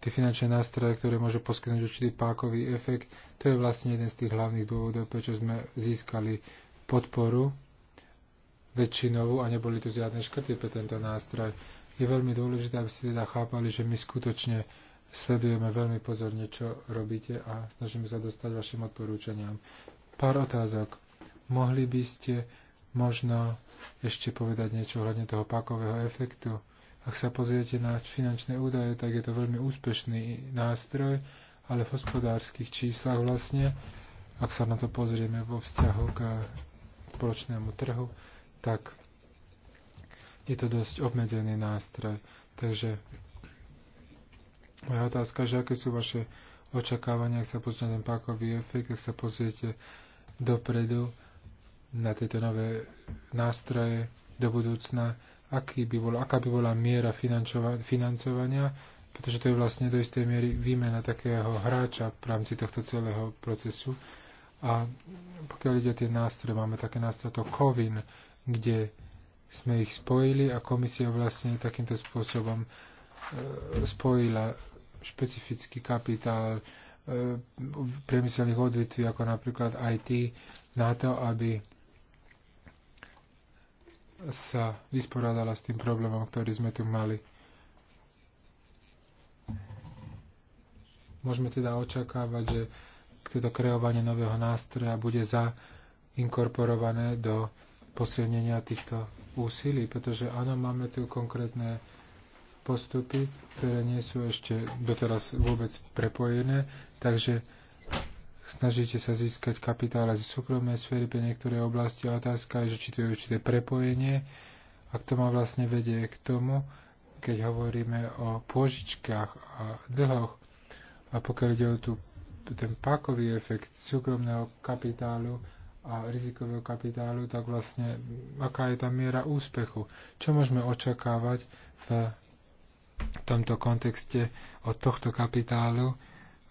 tie finančné nástroje, ktoré môže poskytnúť určitý pákový efekt, to je vlastne jeden z tých hlavných dôvodov, prečo sme získali podporu väčšinovú a neboli tu žiadne škrty pre tento nástroj. Je veľmi dôležité, aby ste teda chápali, že my skutočne sledujeme veľmi pozorne, čo robíte a snažíme sa dostať vašim odporúčaniam. Pár otázok. Mohli by ste Možno ešte povedať niečo hľadne toho pakového efektu. Ak sa pozriete na finančné údaje, tak je to veľmi úspešný nástroj, ale v hospodárskych číslach vlastne, ak sa na to pozrieme vo vzťahu k spoločnému trhu, tak je to dosť obmedzený nástroj. Takže moja otázka, že aké sú vaše očakávania, ak sa pozriete na ten pákový efekt, ak sa pozriete dopredu na tieto nové nástroje do budúcna, aký by bol, aká by bola miera financovania, pretože to je vlastne do istej miery výmena takého hráča v rámci tohto celého procesu. A pokiaľ ide o tie nástroje, máme také nástroje ako COVIN, kde sme ich spojili a komisia vlastne takýmto spôsobom e, spojila špecifický kapitál e, priemyselných odvetví, ako napríklad IT, na to, aby sa vysporiadala s tým problémom, ktorý sme tu mali. Môžeme teda očakávať, že toto kreovanie nového nástroja bude zainkorporované do posilnenia týchto úsilí, pretože áno, máme tu konkrétne postupy, ktoré nie sú ešte doteraz vôbec prepojené, takže snažíte sa získať kapitál z súkromnej sféry pre niektoré oblasti a otázka je, že či tu je určité prepojenie a to ma vlastne vedie k tomu, keď hovoríme o pôžičkách a dlhoch a pokiaľ ide o tú, ten pákový efekt súkromného kapitálu a rizikového kapitálu, tak vlastne aká je tá miera úspechu. Čo môžeme očakávať v tomto kontexte od tohto kapitálu,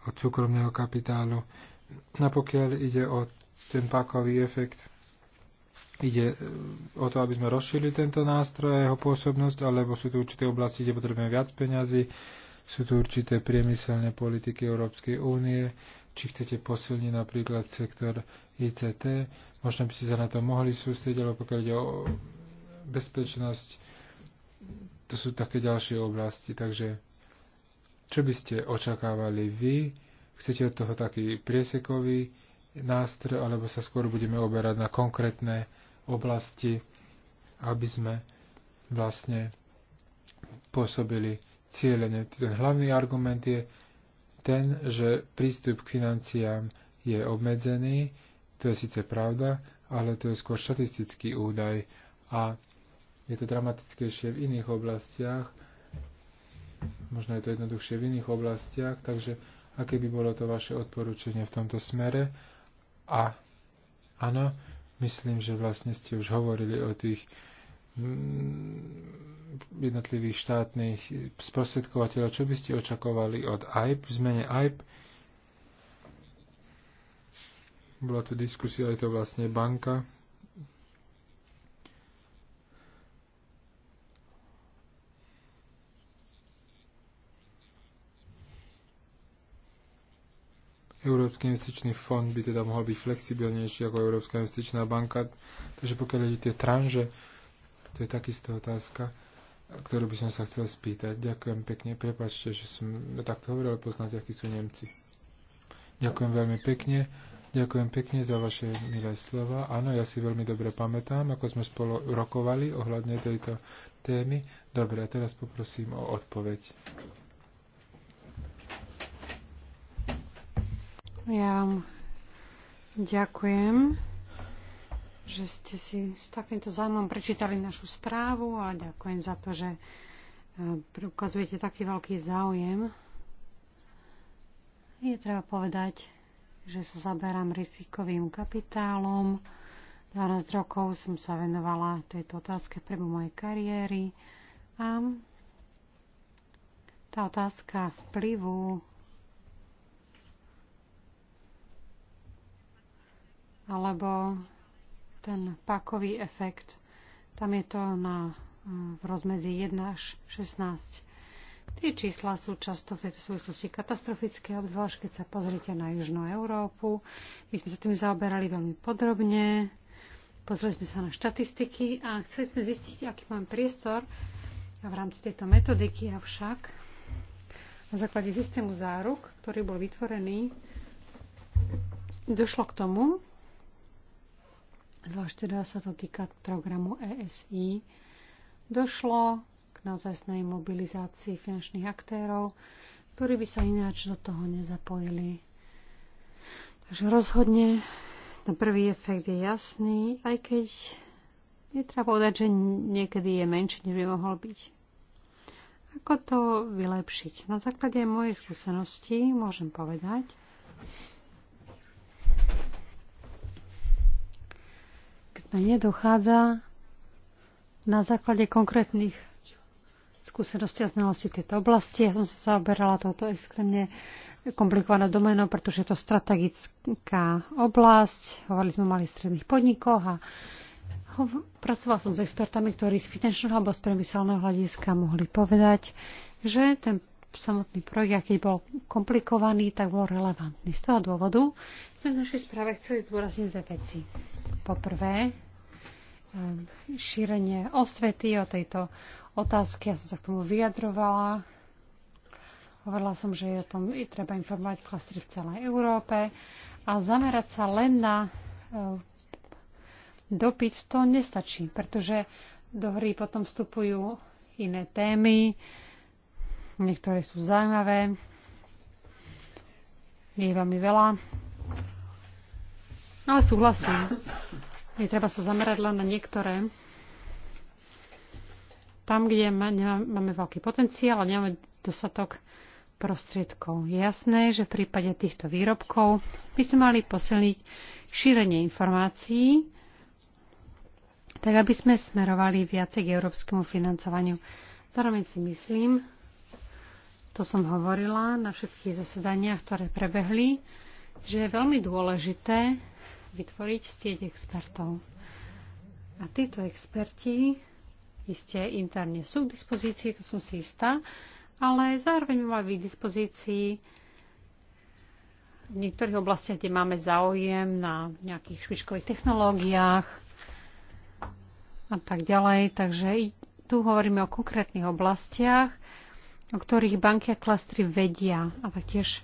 od súkromného kapitálu, Napokiaľ ide o ten pákový efekt, ide e, o to, aby sme rozšili tento nástroj a jeho pôsobnosť, alebo sú tu určité oblasti, kde potrebujeme viac peňazí, sú tu určité priemyselné politiky Európskej únie, či chcete posilniť napríklad sektor ICT, možno by ste sa na to mohli sústrediť, alebo pokiaľ ide o bezpečnosť, to sú také ďalšie oblasti, takže čo by ste očakávali vy, Chcete od toho taký priesekový nástroj, alebo sa skôr budeme oberať na konkrétne oblasti, aby sme vlastne pôsobili cieľene. Ten hlavný argument je ten, že prístup k financiám je obmedzený, to je síce pravda, ale to je skôr štatistický údaj a je to dramatickejšie v iných oblastiach, možno je to jednoduchšie v iných oblastiach, takže aké by bolo to vaše odporúčanie v tomto smere. A áno, myslím, že vlastne ste už hovorili o tých mm, jednotlivých štátnych sprostredkovateľov. Čo by ste očakovali od AIP, v zmene AIP? Bola tu diskusia, je to vlastne banka, Európsky investičný fond by teda mohol byť flexibilnejší ako Európska investičná banka. Takže pokiaľ ide tie tranže, to je takisto otázka, ktorú by som sa chcel spýtať. Ďakujem pekne. Prepačte, že som takto hovoril, ale poznáte, akí sú Nemci. Ďakujem veľmi pekne. Ďakujem pekne za vaše milé slova. Áno, ja si veľmi dobre pamätám, ako sme spolu rokovali ohľadne tejto témy. Dobre, a teraz poprosím o odpoveď. Ja vám ďakujem, že ste si s takýmto zájmom prečítali našu správu a ďakujem za to, že eh, ukazujete taký veľký záujem. Je treba povedať, že sa zaberám rizikovým kapitálom. 12 rokov som sa venovala tejto otázke pre mojej kariéry a tá otázka vplyvu alebo ten pakový efekt. Tam je to na, e, v rozmedzi 1 až 16. Tie čísla sú často v tejto súvislosti katastrofické, obzvlášť keď sa pozrite na Južnú Európu. My sme sa tým zaoberali veľmi podrobne, pozreli sme sa na štatistiky a chceli sme zistiť, aký mám priestor v rámci tejto metodiky, avšak na základe systému záruk, ktorý bol vytvorený, došlo k tomu, zvlášť teda sa to týka programu ESI, došlo k naozajstnej mobilizácii finančných aktérov, ktorí by sa ináč do toho nezapojili. Takže rozhodne ten prvý efekt je jasný, aj keď je treba povedať, že niekedy je menší, než by mohol byť. Ako to vylepšiť? Na základe mojej skúsenosti môžem povedať, nedochádza na základe konkrétnych skúseností a znalostí v tejto oblasti. Ja som sa zaoberala touto extrémne komplikovanou domenou, pretože je to strategická oblasť. Hovorili sme o malých stredných podnikoch a pracoval som s expertami, ktorí z finančného alebo z priemyselného hľadiska mohli povedať, že ten samotný projekt, keď bol komplikovaný, tak bol relevantný. Z toho dôvodu sme v našej správe chceli zdôrazniť dve veci. Poprvé, ehm, šírenie osvety o tejto otázke. Ja som sa k tomu vyjadrovala. Hovorila som, že je o tom i treba informovať klastry v celej Európe a zamerať sa len na ehm, dopyt to nestačí, pretože do hry potom vstupujú iné témy, Niektoré sú zaujímavé. Je veľmi veľa. No, ale súhlasím. Je treba sa zamerať len na niektoré. Tam, kde máme veľký potenciál a nemáme dostatok prostriedkov. Je jasné, že v prípade týchto výrobkov by sme mali posilniť šírenie informácií, tak aby sme smerovali viacej k európskemu financovaniu. Zároveň si myslím, to som hovorila na všetkých zasedaniach, ktoré prebehli, že je veľmi dôležité vytvoriť stieť expertov. A títo experti iste interne sú k dispozícii, to som si istá, ale zároveň majú k dispozícii v niektorých oblastiach, kde máme záujem na nejakých špičkových technológiách a tak ďalej. Takže tu hovoríme o konkrétnych oblastiach, o ktorých banky a klastry vedia a taktiež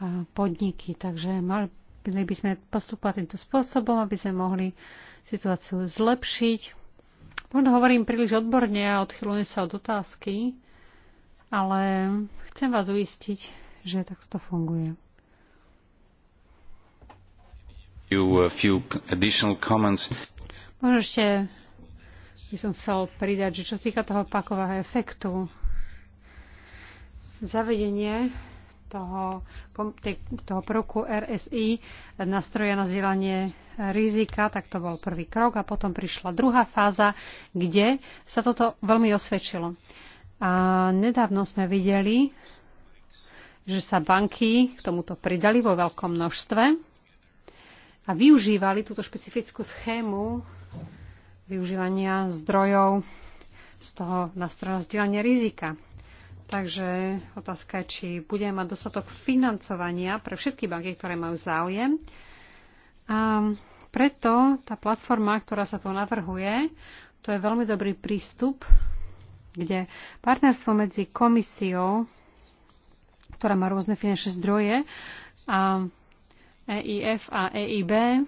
e, podniky. Takže mali by sme postupovať týmto spôsobom, aby sme mohli situáciu zlepšiť. Možno hovorím príliš odborne a odchýlujem sa od otázky, ale chcem vás uistiť, že takto funguje. Možno ešte by som chcel pridať, že čo týka toho pakového efektu, Zavedenie toho, toho prvku RSI, nastroja na zdieľanie rizika, tak to bol prvý krok a potom prišla druhá fáza, kde sa toto veľmi osvedčilo. A nedávno sme videli, že sa banky k tomuto pridali vo veľkom množstve a využívali túto špecifickú schému využívania zdrojov z toho nástroja na rizika. Takže otázka je, či bude mať dostatok financovania pre všetky banky, ktoré majú záujem. A preto tá platforma, ktorá sa tu navrhuje, to je veľmi dobrý prístup, kde partnerstvo medzi komisiou, ktorá má rôzne finančné zdroje, a EIF a EIB,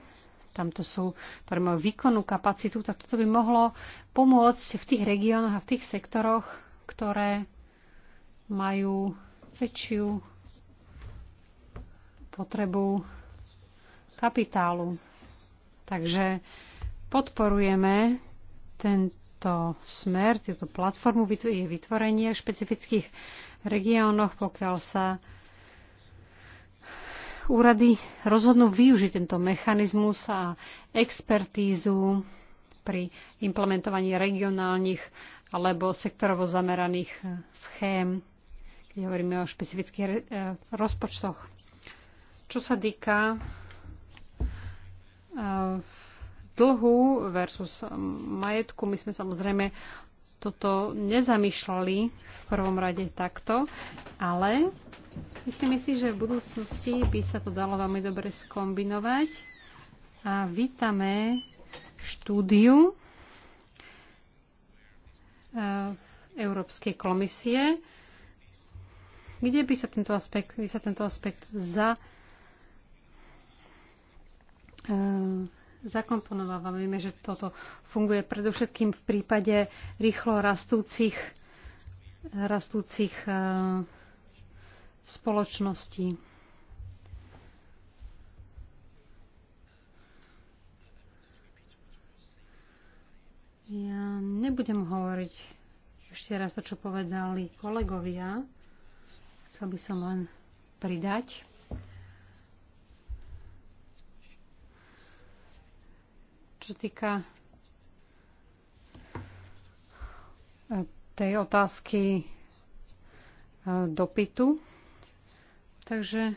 tamto sú, ktoré majú výkonnú kapacitu, tak toto by mohlo pomôcť v tých regiónoch a v tých sektoroch, ktoré majú väčšiu potrebu kapitálu. Takže podporujeme tento smer, túto platformu, je vytvorenie v špecifických regiónoch, pokiaľ sa úrady rozhodnú využiť tento mechanizmus a expertízu pri implementovaní regionálnych alebo sektorovo zameraných schém keď hovoríme o špecifických eh, rozpočtoch. Čo sa týka eh, dlhu versus eh, majetku, my sme samozrejme toto nezamýšľali v prvom rade takto, ale myslím si, že v budúcnosti by sa to dalo veľmi dobre skombinovať a vítame štúdiu Európskej komisie, kde by sa tento aspekt, by sa tento aspekt za, e, zakomponováva. Vieme, že toto funguje predovšetkým v prípade rýchlo rastúcich, rastúcich e, spoločností. Ja nebudem hovoriť ešte raz to, čo povedali kolegovia. Chcel by som len pridať. Čo týka e, tej otázky e, dopytu. Takže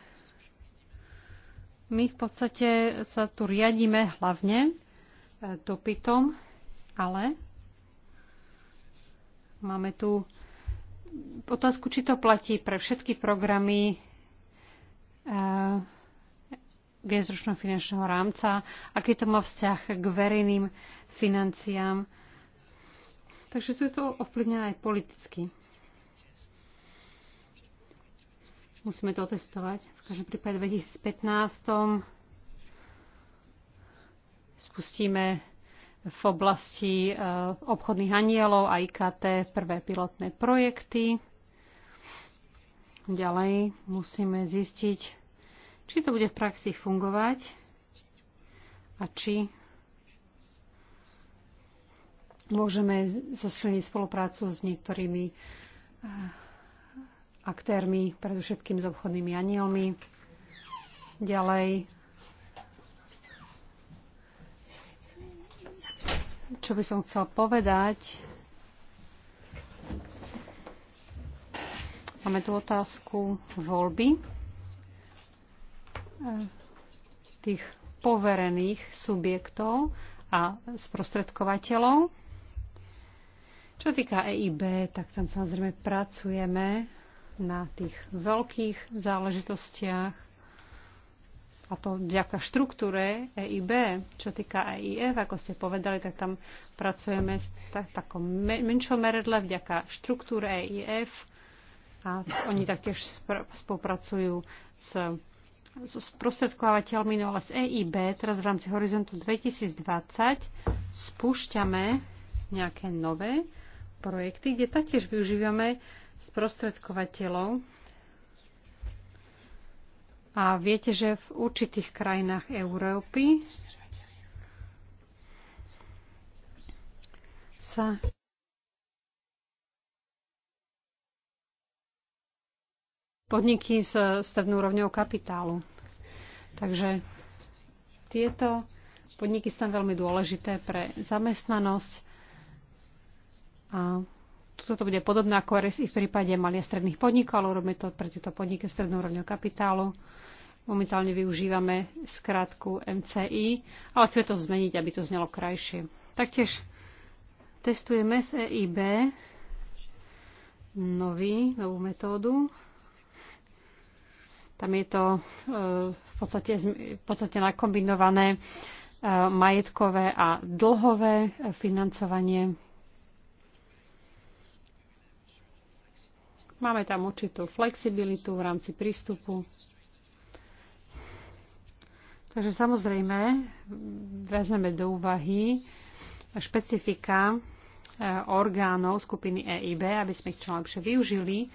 my v podstate sa tu riadíme hlavne e, dopytom, ale máme tu otázku, či to platí pre všetky programy eh, viezročného finančného rámca, aký to má vzťah k verejným financiám. Takže tu je to ovplyvnené aj politicky. Musíme to otestovať. V každom prípade v 2015 spustíme v oblasti eh, obchodných anielov a IKT prvé pilotné projekty. Ďalej musíme zistiť, či to bude v praxi fungovať a či môžeme zosilniť spoluprácu s niektorými eh, aktérmi, predovšetkým s obchodnými anielmi. Ďalej čo by som chcel povedať. Máme tu otázku voľby tých poverených subjektov a sprostredkovateľov. Čo týka EIB, tak tam samozrejme pracujeme na tých veľkých záležitostiach a to vďaka štruktúre EIB, čo týka EIF, ako ste povedali, tak tam pracujeme s tak, takom menšom meredle vďaka štruktúre EIF a oni taktiež spolupracujú s so sprostredkovateľmi, no ale z EIB teraz v rámci Horizontu 2020 spúšťame nejaké nové projekty, kde taktiež využívame sprostredkovateľov a viete, že v určitých krajinách Európy sa podniky s stavnou rovňou kapitálu. Takže tieto podniky sú tam veľmi dôležité pre zamestnanosť a toto to bude podobné ako RSI v prípade malých a stredných podnikov, ale urobíme to pre tieto podniky strednou rovňou kapitálu. Momentálne využívame skratku MCI, ale chceme to zmeniť, aby to znelo krajšie. Taktiež testujeme z EIB nový, novú metódu. Tam je to e, v podstate, v podstate nakombinované e, majetkové a dlhové e, financovanie. Máme tam určitú flexibilitu v rámci prístupu Takže samozrejme, vezmeme do úvahy špecifika e, orgánov skupiny EIB, aby sme ich čo lepšie využili,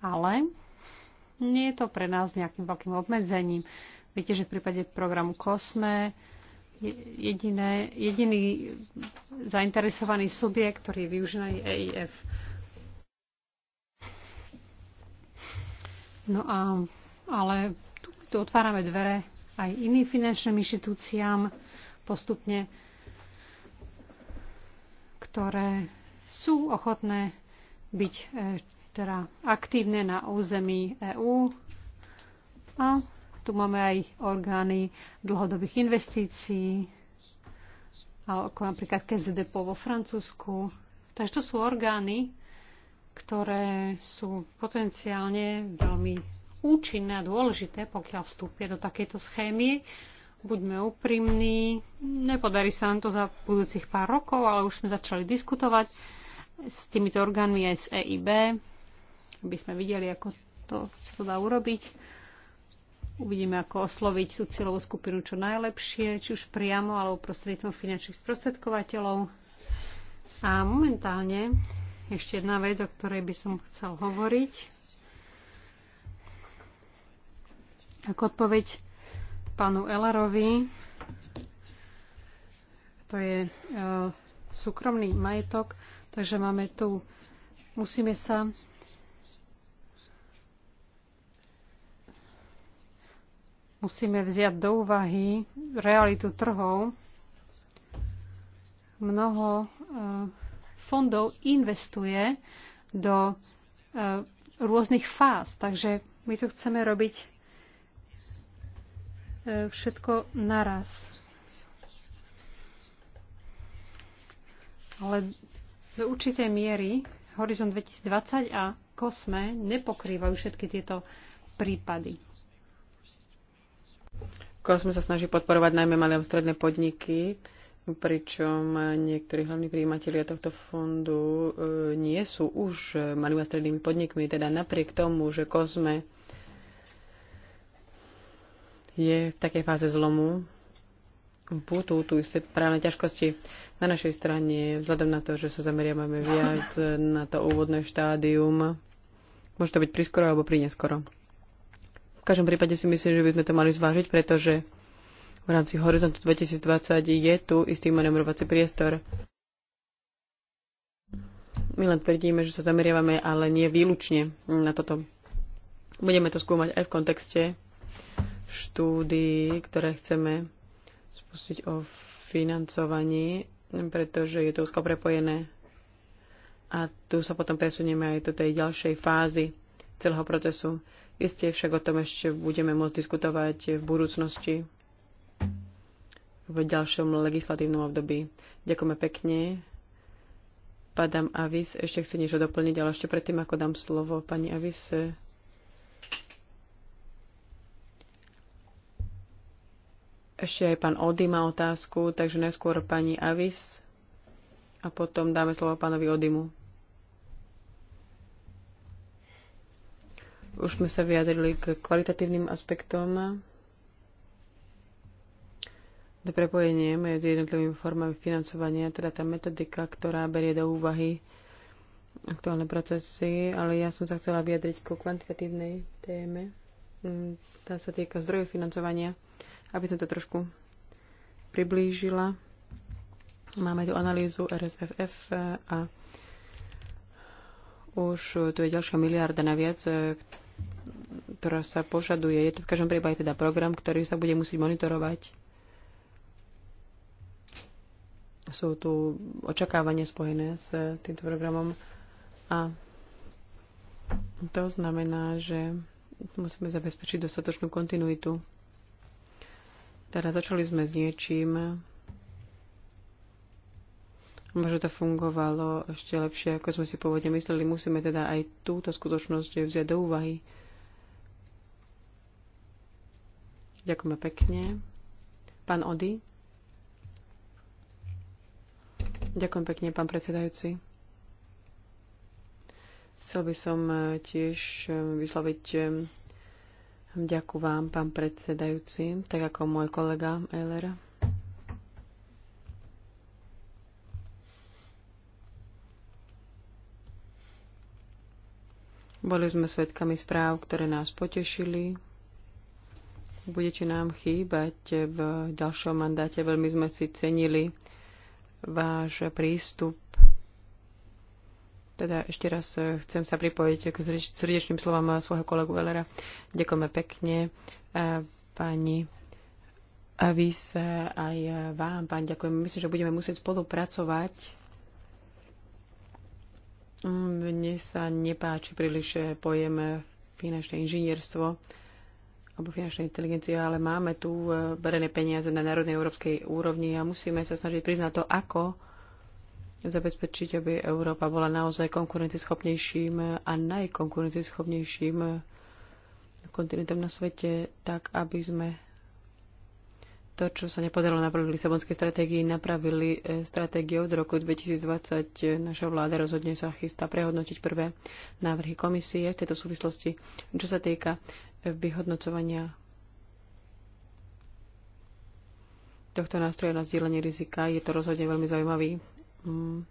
ale nie je to pre nás nejakým veľkým obmedzením. Viete, že v prípade programu COSME jediné, jediný zainteresovaný subjekt, ktorý využíva je EIF. E no a, ale tu, tu otvárame dvere aj iným finančným inštitúciám postupne, ktoré sú ochotné byť e, teda aktívne na území EÚ. A tu máme aj orgány dlhodobých investícií, ako napríklad KZDP vo Francúzsku. Takže to sú orgány, ktoré sú potenciálne veľmi účinné a dôležité, pokiaľ vstúpia do takejto schémy. Buďme úprimní, nepodarí sa nám to za budúcich pár rokov, ale už sme začali diskutovať s týmito orgánmi aj z EIB, aby sme videli, ako to sa to dá urobiť. Uvidíme, ako osloviť tú cieľovú skupinu čo najlepšie, či už priamo alebo prostredníctvom finančných sprostredkovateľov. A momentálne ešte jedna vec, o ktorej by som chcel hovoriť Ako odpoveď pánu Elarovi, to je e, súkromný majetok, takže máme tu, musíme sa musíme vziať do úvahy realitu trhov. Mnoho e, fondov investuje do e, rôznych fáz, takže my tu chceme robiť E, všetko naraz. Ale do určitej miery Horizon 2020 a Kosme nepokrývajú všetky tieto prípady. Kosme sa snaží podporovať najmä malé a stredné podniky, pričom niektorí hlavní príjimatelia tohto fondu e, nie sú už malými a strednými podnikmi, teda napriek tomu, že Kosme je v takej fáze zlomu. Budú tu isté právne ťažkosti na našej strane, vzhľadom na to, že sa zameriavame viac na to úvodné štádium. Môže to byť priskoro alebo prineskoro. V každom prípade si myslím, že by sme to mali zvážiť, pretože v rámci Horizontu 2020 je tu istý manevrovací priestor. My len tvrdíme, že sa zameriavame, ale nie výlučne na toto. Budeme to skúmať aj v kontexte štúdii, ktoré chceme spustiť o financovaní, pretože je to úzko prepojené. A tu sa potom presunieme aj do tej ďalšej fázy celého procesu. Isté však o tom ešte budeme môcť diskutovať v budúcnosti v ďalšom legislatívnom období. Ďakujeme pekne. Padám Avis, ešte chce niečo doplniť, ale ešte predtým, ako dám slovo pani Avis, Ešte aj pán Ody má otázku, takže najskôr pani Avis a potom dáme slovo pánovi Odymu. Už sme sa vyjadrili k kvalitatívnym aspektom do prepojenie medzi jednotlivými formami financovania, teda tá metodika, ktorá berie do úvahy aktuálne procesy, ale ja som sa chcela vyjadriť ku kvantitatívnej téme. Mm, tá sa týka zdrojov financovania aby som to trošku priblížila. Máme tu analýzu RSFF a už tu je ďalšia miliarda naviac, ktorá sa požaduje. Je to v každom prípade teda program, ktorý sa bude musieť monitorovať. Sú tu očakávania spojené s týmto programom a to znamená, že musíme zabezpečiť dostatočnú kontinuitu teda začali sme s niečím, Možno to fungovalo ešte lepšie, ako sme si pôvodne mysleli. Musíme teda aj túto skutočnosť vziať do úvahy. Ďakujeme pekne. Pán Ody. Ďakujem pekne, pán predsedajúci. Chcel by som eh, tiež eh, vysloviť eh, Ďakujem vám, pán predsedajúci, tak ako môj kolega Eller. Boli sme svedkami správ, ktoré nás potešili. Budete nám chýbať v ďalšom mandáte. Veľmi sme si cenili váš prístup teda ešte raz e, chcem sa pripojiť k srdečným slovám e, svojho kolegu Velera. Ďakujeme pekne. E, pani Avis, aj vám, pán, ďakujem. Myslím, že budeme musieť spolupracovať. Mm, mne sa nepáči príliš pojem finančné inžinierstvo alebo finančná inteligencia, ale máme tu berené peniaze na národnej európskej úrovni a musíme sa snažiť priznať to, ako zabezpečiť, aby Európa bola naozaj konkurencieschopnejším a najkonkurencieschopnejším kontinentom na svete, tak aby sme to, čo sa nepodarilo napraviť v Lisabonskej stratégii, napravili e, stratégiu od roku 2020. Naša vláda rozhodne sa chystá prehodnotiť prvé návrhy komisie v tejto súvislosti, čo sa týka e, vyhodnocovania tohto nástroja na zdieľanie rizika. Je to rozhodne veľmi zaujímavý Mm.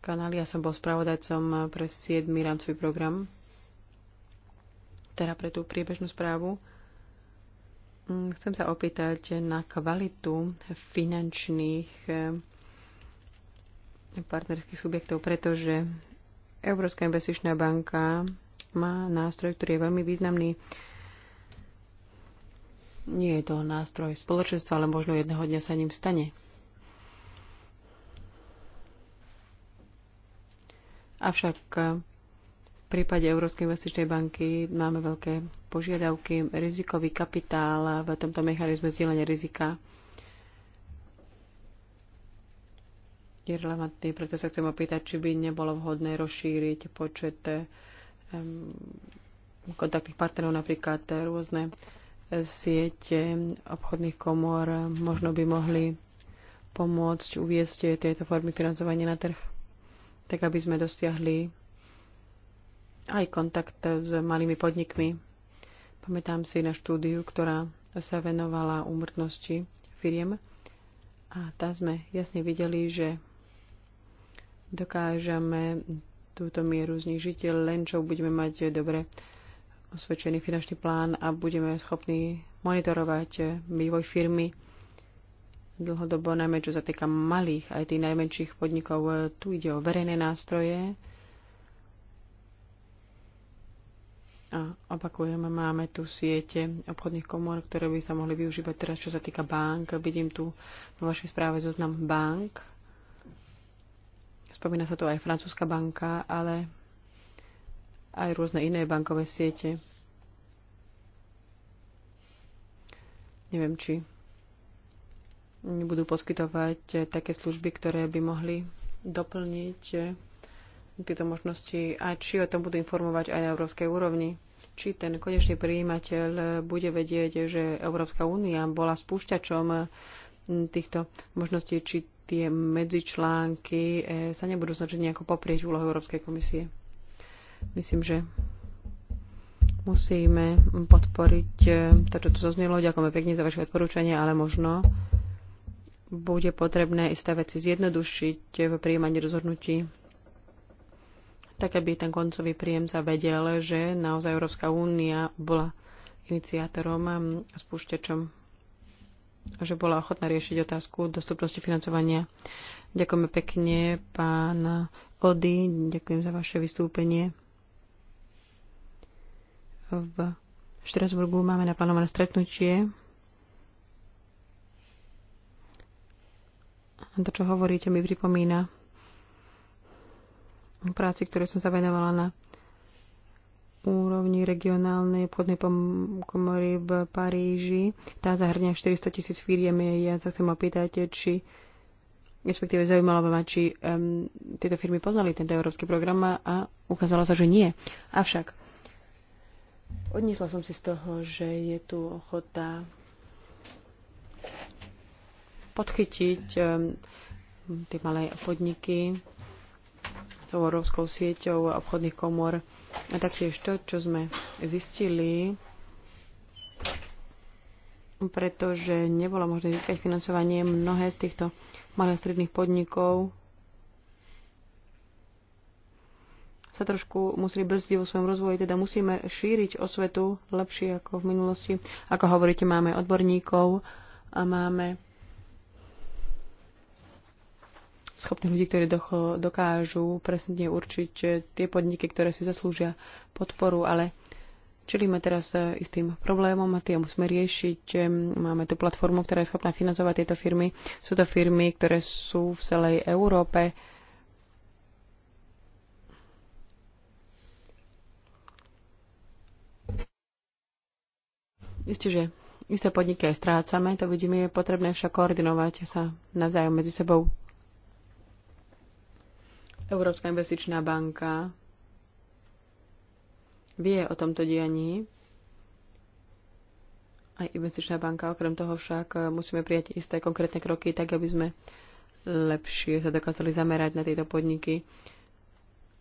kanály. Ja som bol spravodajcom pre 7. rámcový program, teda pre tú priebežnú správu. Mm, chcem sa opýtať na kvalitu finančných eh, partnerských subjektov, pretože Európska investičná banka má nástroj, ktorý je veľmi významný. Nie je to nástroj spoločenstva, ale možno jedného dňa sa ním stane. Avšak v prípade Európskej investičnej banky máme veľké požiadavky. Rizikový kapitál v tomto mechanizme zdieľania rizika je relevantný, preto sa chcem opýtať, či by nebolo vhodné rozšíriť počet um, kontaktných partnerov, napríklad rôzne siete obchodných komor, možno by mohli pomôcť uviezť tieto formy financovania na trh tak aby sme dosiahli aj kontakt s malými podnikmi. Pamätám si na štúdiu, ktorá sa venovala úmrtnosti firiem a tam sme jasne videli, že dokážeme túto mieru znižiť len čo budeme mať dobre osvedčený finančný plán a budeme schopní monitorovať vývoj firmy dlhodobo, najmä čo sa týka malých, aj tých najmenších podnikov. Tu ide o verejné nástroje. A opakujem, máme tu siete obchodných komor, ktoré by sa mohli využívať teraz, čo sa týka bank. Vidím tu vo vašej správe zoznam bank. Spomína sa tu aj francúzska banka, ale aj rôzne iné bankové siete. Neviem, či budú poskytovať také služby, ktoré by mohli doplniť tieto možnosti a či o tom budú informovať aj na európskej úrovni. Či ten konečný prijímateľ bude vedieť, že Európska únia bola spúšťačom týchto možností, či tie medzičlánky eh, sa nebudú snažiť nejako poprieť úlohu Európskej komisie. Myslím, že musíme podporiť eh, to, čo tu zaznelo. Ďakujeme pekne za vaše odporúčanie, ale možno bude potrebné isté veci zjednodušiť v príjmaní rozhodnutí, tak aby ten koncový príjemca vedel, že naozaj Európska únia bola iniciátorom a spúšťačom a že bola ochotná riešiť otázku dostupnosti financovania. Ďakujeme pekne, pán Ody, ďakujem za vaše vystúpenie. V Štrasburgu máme naplánované stretnutie. A to, čo hovoríte, mi pripomína práci, ktoré som zavenovala na úrovni regionálnej podnej komory v Paríži. Tá zahrňa 400 tisíc firiem. Ja sa chcem opýtať, či respektíve zaujímalo by ma, či um, tieto firmy poznali tento európsky program a ukázalo sa, že nie. Avšak odnesla som si z toho, že je tu ochota podchytiť tie malé podniky tou európskou sieťou obchodných komor. A taktiež to, čo sme zistili, pretože nebolo možné získať financovanie mnohé z týchto malých a stredných podnikov sa trošku museli brzdiť vo svojom rozvoji, teda musíme šíriť osvetu lepšie ako v minulosti. Ako hovoríte, máme odborníkov a máme schopných ľudí, ktorí dokážu presne určiť eh, tie podniky, ktoré si zaslúžia podporu, ale čelíme teraz eh, tým problémom a tie musíme riešiť. Máme tu platformu, ktorá je schopná financovať tieto firmy. Sú to firmy, ktoré sú v celej Európe. Isté, že isté podniky aj strácame, to vidíme, je potrebné však koordinovať sa navzájom medzi sebou. Európska investičná banka vie o tomto dianí. Aj investičná banka, okrem toho však musíme prijať isté konkrétne kroky, tak aby sme lepšie sa dokázali zamerať na tieto podniky,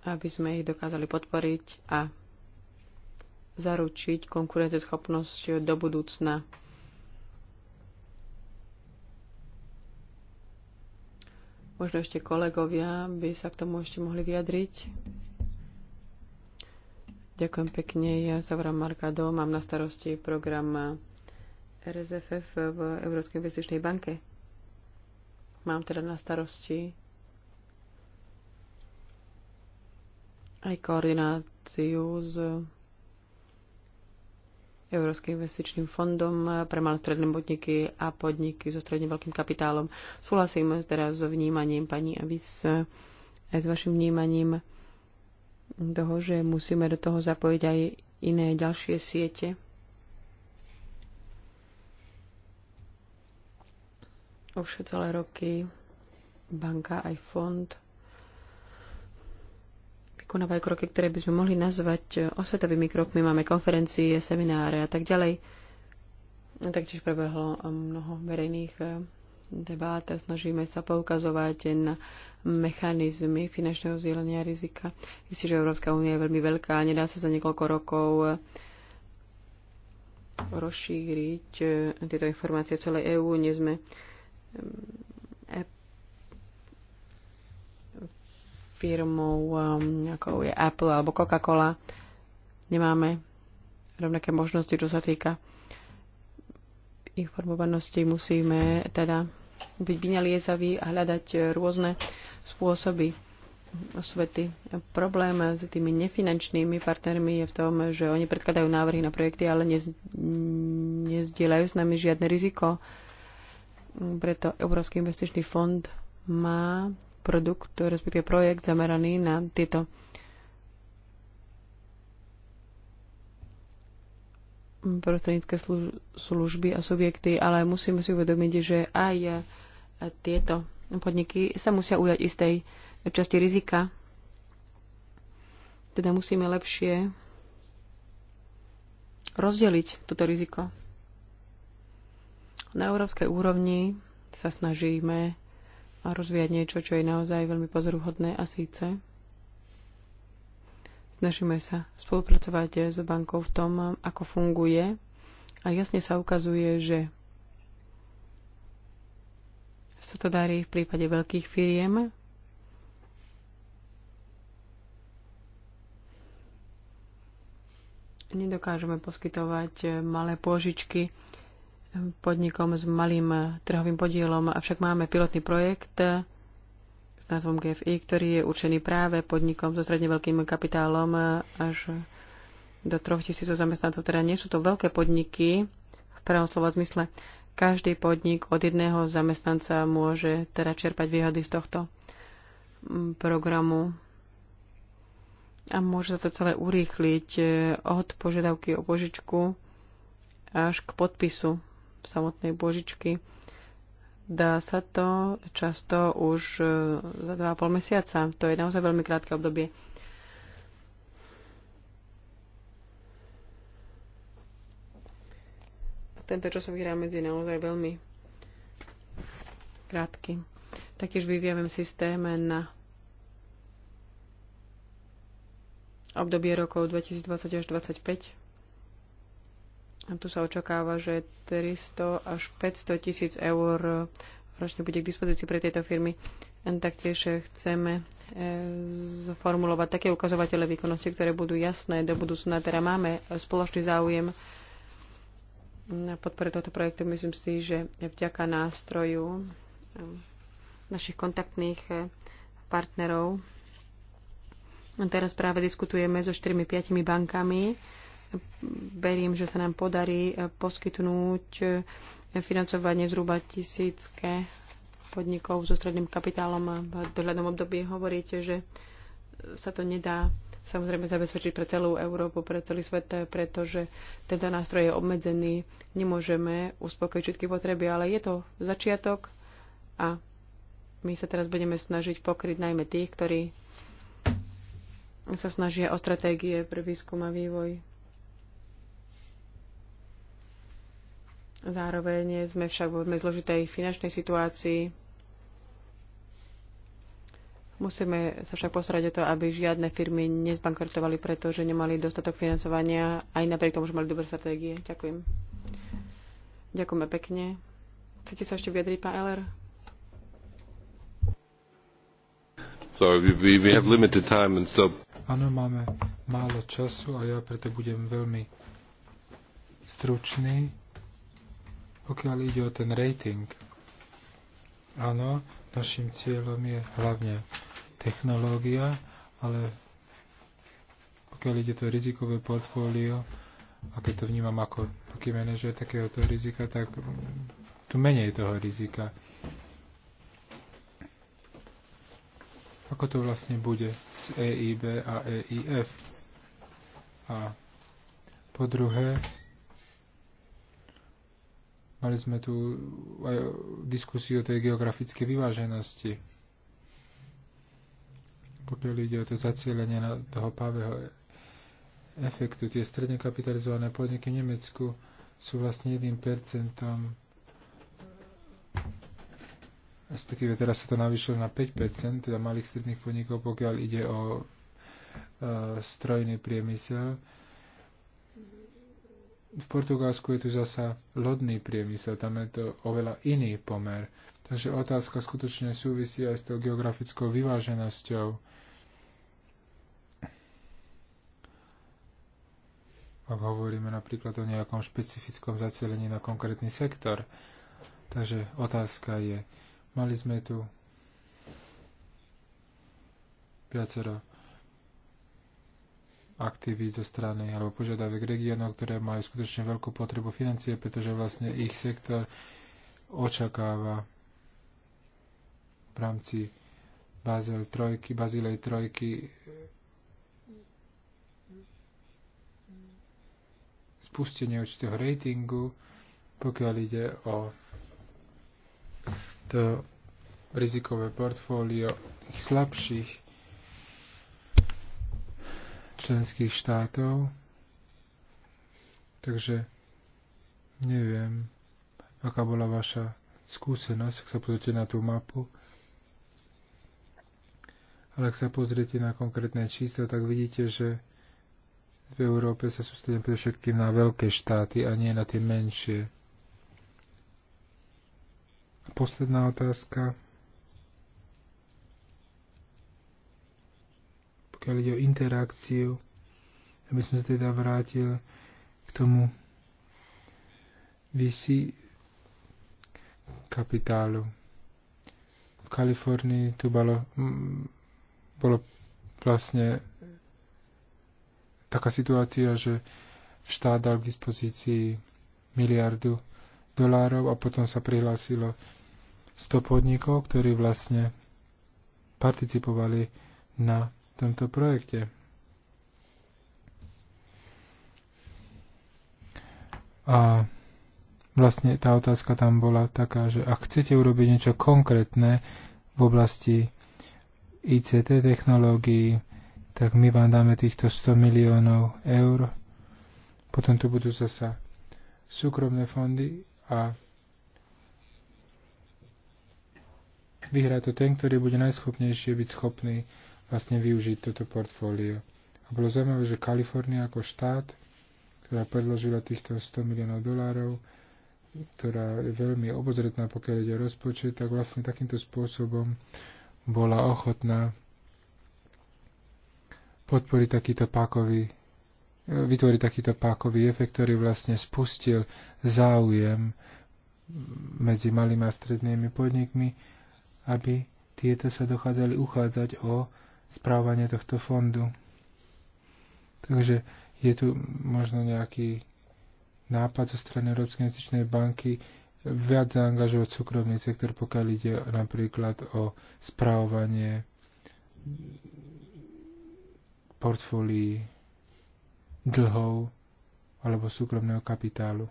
aby sme ich dokázali podporiť a zaručiť konkurenceschopnosť do budúcna. Možno ešte kolegovia by sa k tomu ešte mohli vyjadriť. Ďakujem pekne. Ja sa volám Marka Do, mám na starosti program RSFF v Európskej investičnej banke. Mám teda na starosti aj koordináciu s Európskym investičným fondom pre malé stredné podniky a podniky so stredne veľkým kapitálom. Súhlasím teraz so vnímaním pani s, aj s vašim vnímaním toho, že musíme do toho zapojiť aj iné ďalšie siete. Už celé roky banka aj fond konajú kroky, ktoré by sme mohli nazvať e, osvetovými krokmi. Máme konferencie, semináre a tak ďalej. Taktiež prebehlo e, mnoho verejných e, debát a snažíme sa poukazovať na mechanizmy finančného zdieľania rizika. Myslím, že Európska únia je veľmi veľká a nedá sa za niekoľko rokov rozšíriť tieto informácie v celej EÚ. Nie sme firmou, um, ako je Apple alebo Coca-Cola, nemáme rovnaké možnosti, čo sa týka informovanosti. Musíme teda byť vynaliezaví a hľadať rôzne spôsoby osvety. Problém s tými nefinančnými partnermi je v tom, že oni predkladajú návrhy na projekty, ale nez, nezdielajú s nami žiadne riziko. Preto Európsky investičný fond má produkt, respektíve projekt zameraný na tieto prostrednícke služby a subjekty, ale musíme si uvedomiť, že aj tieto podniky sa musia ujať istej časti rizika. Teda musíme lepšie rozdeliť toto riziko. Na európskej úrovni sa snažíme a rozvíjať niečo, čo je naozaj veľmi pozoruhodné a síce snažíme sa spolupracovať s bankou v tom, ako funguje a jasne sa ukazuje, že sa to darí v prípade veľkých firiem. Nedokážeme poskytovať malé pôžičky podnikom s malým trhovým podielom, avšak máme pilotný projekt s názvom GFI, ktorý je určený práve podnikom so stredne veľkým kapitálom až do 3000 zamestnancov. Teda nie sú to veľké podniky v prvom slova zmysle. Každý podnik od jedného zamestnanca môže teda čerpať výhody z tohto programu a môže sa to celé urýchliť od požiadavky o požičku až k podpisu samotnej božičky. Dá sa to často už e, za 2,5 mesiaca. To je naozaj veľmi krátke obdobie. Tento časový rámec je naozaj veľmi krátky. Taktiež vyvíjame systém na obdobie rokov 2020 až 2025 a tu sa očakáva, že 300 až 500 tisíc eur ročne bude k dispozícii pre tieto firmy. Taktiež chceme e, zformulovať také ukazovatele výkonnosti, ktoré budú jasné do budúcna. Teda máme spoločný záujem na podpore tohto projektu. Myslím si, že vďaka nástroju e, našich kontaktných e, partnerov teraz práve diskutujeme so 4-5 bankami, verím, že sa nám podarí eh, poskytnúť eh, financovanie zhruba tisícké podnikov so stredným kapitálom a v dohľadnom období hovoríte, že sa to nedá samozrejme zabezpečiť pre celú Európu, pre celý svet, eh, pretože tento nástroj je obmedzený, nemôžeme uspokojiť všetky potreby, ale je to začiatok a my sa teraz budeme snažiť pokryť najmä tých, ktorí sa snažia o stratégie pre výskum a vývoj. Zároveň sme však v zložitej finančnej situácii. Musíme sa však posrať o to, aby žiadne firmy nezbankrotovali, pretože nemali dostatok financovania, aj napriek tomu, že mali dobré stratégie. Ďakujem. Ďakujeme pekne. Chcete sa ešte vyjadriť, pán Eller? we, we have limited time and so... Áno, máme málo času a ja preto budem veľmi stručný pokiaľ ide o ten rating, áno, našim cieľom je hlavne technológia, ale pokiaľ ide to rizikové portfólio, a keď to vnímam ako taký manažer takéhoto rizika, tak mm, tu menej toho rizika. Ako to vlastne bude s EIB a EIF? A po druhé, Mali sme tu aj diskusiu o tej geografickej vyváženosti. Pokiaľ ide o to zacielenie na toho pavého efektu, tie stredne kapitalizované podniky v Nemecku sú vlastne 1%, respektíve teraz sa to navýšilo na 5%, teda malých stredných podnikov, pokiaľ ide o e, strojný priemysel. E, v Portugalsku je tu zasa lodný priemysel, tam je to oveľa iný pomer. Takže otázka skutočne súvisí aj s tou geografickou vyváženosťou. Ak hovoríme napríklad o nejakom špecifickom zacelení na konkrétny sektor. Takže otázka je, mali sme tu viacero aktivít zo strany alebo požiadavek regiónov, ktoré majú skutočne veľkú potrebu financie, pretože vlastne ich sektor očakáva v rámci Bazel trojky, Bazilej trojky spustenie určitého ratingu, pokiaľ ide o to rizikové portfólio tých slabších členských štátov. Takže neviem, aká bola vaša skúsenosť, ak sa pozrite na tú mapu. Ale ak sa pozriete na konkrétne čísla, tak vidíte, že v Európe sa sústredím predovšetkým na veľké štáty a nie na tie menšie. Posledná otázka. pokiaľ ide o interakciu, aby som sa teda vrátil k tomu VC kapitálu. V Kalifornii tu bolo, bolo vlastne taká situácia, že štát dal k dispozícii miliardu dolárov a potom sa prihlásilo 100 podnikov, ktorí vlastne participovali na v tomto projekte. A vlastne tá otázka tam bola taká, že ak chcete urobiť niečo konkrétne v oblasti ICT technológií, tak my vám dáme týchto 100 miliónov eur. Potom tu budú zasa súkromné fondy a vyhrá to ten, ktorý bude najschopnejší byť schopný vlastne využiť toto portfólio. A bolo zaujímavé, že Kalifornia ako štát, ktorá predložila týchto 100 miliónov dolárov, ktorá je veľmi obozretná, pokiaľ ide o rozpočet, tak vlastne takýmto spôsobom bola ochotná podporiť takýto pákový, vytvoriť takýto pákový efekt, ktorý vlastne spustil záujem medzi malými a strednými podnikmi, aby tieto sa dochádzali uchádzať o správanie tohto fondu. Takže je tu možno nejaký nápad zo strany Európskej investičnej banky viac zaangažovať súkromný sektor, pokiaľ ide napríklad o správanie portfólií dlhov alebo súkromného kapitálu.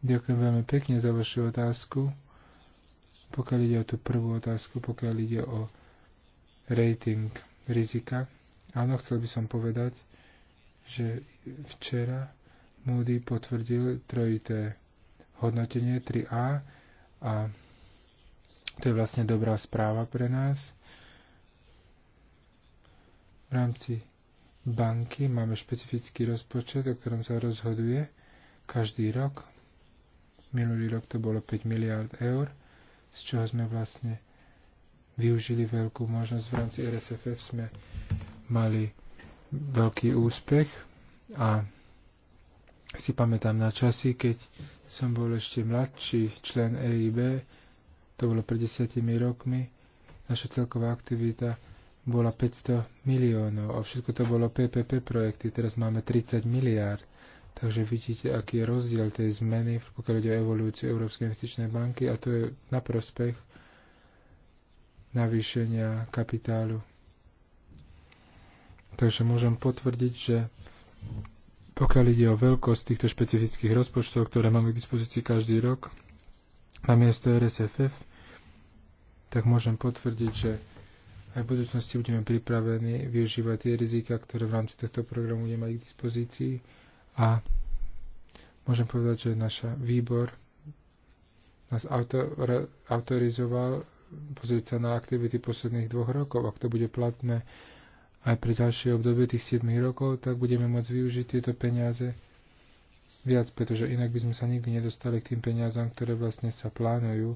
Ďakujem veľmi pekne za vašu otázku. Pokiaľ ide o tú prvú otázku, pokiaľ ide o rating rizika. Áno, chcel by som povedať, že včera Moody potvrdil trojité hodnotenie 3A a to je vlastne dobrá správa pre nás. V rámci banky máme špecifický rozpočet, o ktorom sa rozhoduje každý rok. Minulý rok to bolo 5 miliard eur, z čoho sme vlastne využili veľkú možnosť. V rámci RSFF sme mali veľký úspech a si pamätám na časy, keď som bol ešte mladší člen EIB, to bolo pred desiatimi rokmi, naša celková aktivita bola 500 miliónov a všetko to bolo PPP projekty, teraz máme 30 miliárd. Takže vidíte, aký je rozdiel tej zmeny, pokiaľ ide o evolúciu Európskej investičnej banky a to je na prospech navýšenia kapitálu. Takže môžem potvrdiť, že pokiaľ ide o veľkosť týchto špecifických rozpočtov, ktoré máme k dispozícii každý rok, na miesto RSFF, tak môžem potvrdiť, že aj v budúcnosti budeme pripravení využívať tie rizika, ktoré v rámci tohto programu budeme mať k dispozícii. A môžem povedať, že náš výbor nás autorizoval pozrieť sa na aktivity posledných dvoch rokov. Ak to bude platné aj pre ďalšie obdobie tých 7 rokov, tak budeme môcť využiť tieto peniaze viac, pretože inak by sme sa nikdy nedostali k tým peniazom, ktoré vlastne sa plánujú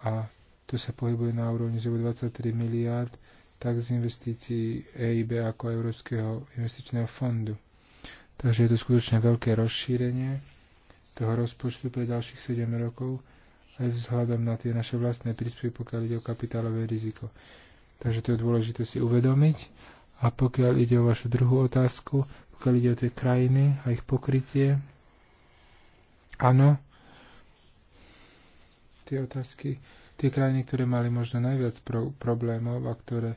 a to sa pohybuje na úrovni zhruba 23 miliárd, tak z investícií EIB ako Európskeho investičného fondu. Takže je to skutočne veľké rozšírenie toho rozpočtu pre ďalších 7 rokov aj vzhľadom na tie naše vlastné príspevky, pokiaľ ide o kapitálové riziko. Takže to je dôležité si uvedomiť. A pokiaľ ide o vašu druhú otázku, pokiaľ ide o tie krajiny a ich pokrytie, áno, tie otázky, tie krajiny, ktoré mali možno najviac pro- problémov a ktoré,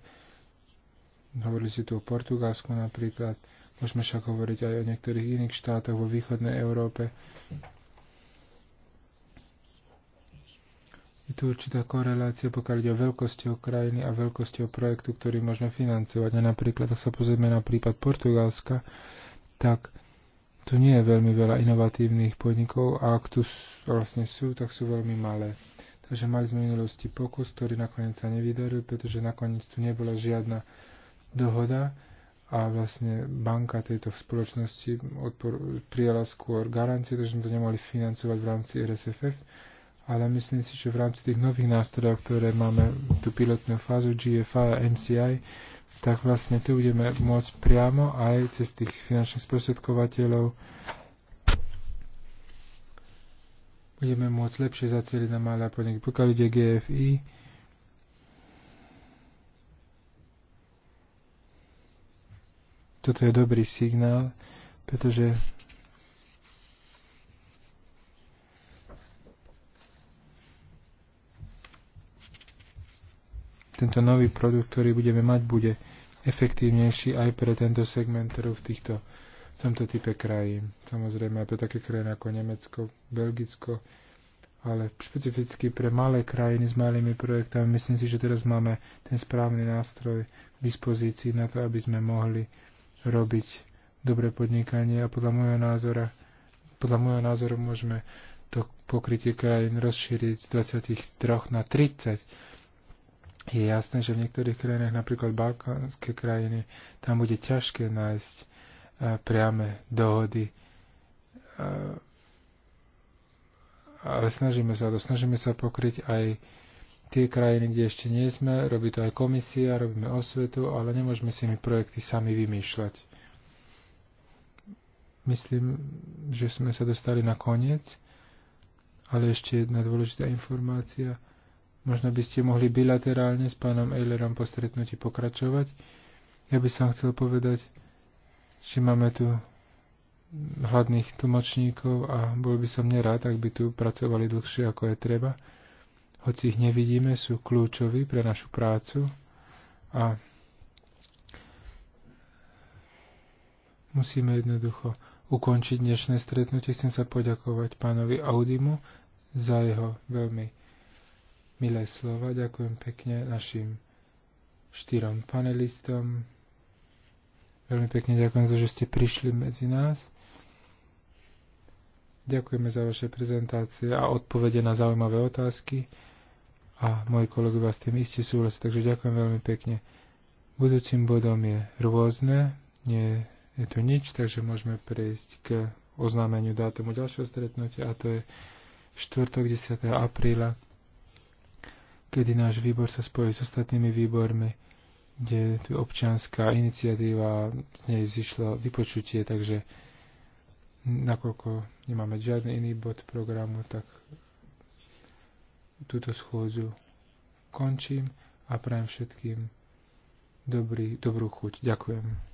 hovorili si tu o Portugalsku napríklad, môžeme však hovoriť aj o niektorých iných štátoch vo východnej Európe, je tu určitá korelácia, pokiaľ ide o veľkosti krajiny a veľkosti projektu, ktorý môžeme financovať. A napríklad, ak sa pozrieme na prípad Portugalska, tak tu nie je veľmi veľa inovatívnych podnikov a ak tu vlastne sú, tak sú veľmi malé. Takže mali sme v minulosti pokus, ktorý nakoniec sa nevydaril, pretože nakoniec tu nebola žiadna dohoda a vlastne banka tejto spoločnosti odpor- prijala skôr garancie, takže sme to nemali financovať v rámci RSFF ale myslím si, že v rámci tých nových nástrojov, ktoré máme tú pilotnú fázu GFA a MCI, tak vlastne tu budeme môcť priamo aj cez tých finančných sprostredkovateľov budeme môcť lepšie zacieliť na malé podniky. Pokiaľ ide GFI, toto je dobrý signál, pretože tento nový produkt, ktorý budeme mať, bude efektívnejší aj pre tento segment trhu v týchto v tomto type krajín. Samozrejme aj pre také krajiny ako Nemecko, Belgicko, ale špecificky pre malé krajiny s malými projektami myslím si, že teraz máme ten správny nástroj k dispozícii na to, aby sme mohli robiť dobré podnikanie a podľa môjho názora, podľa môjho názoru môžeme to pokrytie krajín rozšíriť z 23 na 30 je jasné, že v niektorých krajinách, napríklad balkánske krajiny, tam bude ťažké nájsť eh, priame dohody. Eh, ale snažíme sa to, snažíme sa pokryť aj tie krajiny, kde ešte nie sme, robí to aj komisia, robíme osvetu, ale nemôžeme si my projekty sami vymýšľať. Myslím, že sme sa dostali na koniec, ale ešte jedna dôležitá informácia – Možno by ste mohli bilaterálne s pánom Eilerom po stretnutí pokračovať. Ja by som chcel povedať, že máme tu hladných tlmočníkov a bol by som nerád, ak by tu pracovali dlhšie ako je treba. Hoci ich nevidíme, sú kľúčoví pre našu prácu a musíme jednoducho ukončiť dnešné stretnutie. Chcem sa poďakovať pánovi Audimu za jeho veľmi milé slova. Ďakujem pekne našim štyrom panelistom. Veľmi pekne ďakujem za, že ste prišli medzi nás. Ďakujeme za vaše prezentácie a odpovede na zaujímavé otázky. A moji kolegovia s tým iste súhlasia, takže ďakujem veľmi pekne. Budúcim bodom je rôzne, nie je tu nič, takže môžeme prejsť k oznámeniu dátumu ďalšieho stretnutia a to je 4. 10. apríla kedy náš výbor sa spojí s ostatnými výbormi, kde tu občianská iniciatíva, z nej vzýšlo vypočutie, takže nakoľko nemáme žiadny iný bod programu, tak túto schôdzu končím a prajem všetkým dobrý, dobrú chuť. Ďakujem.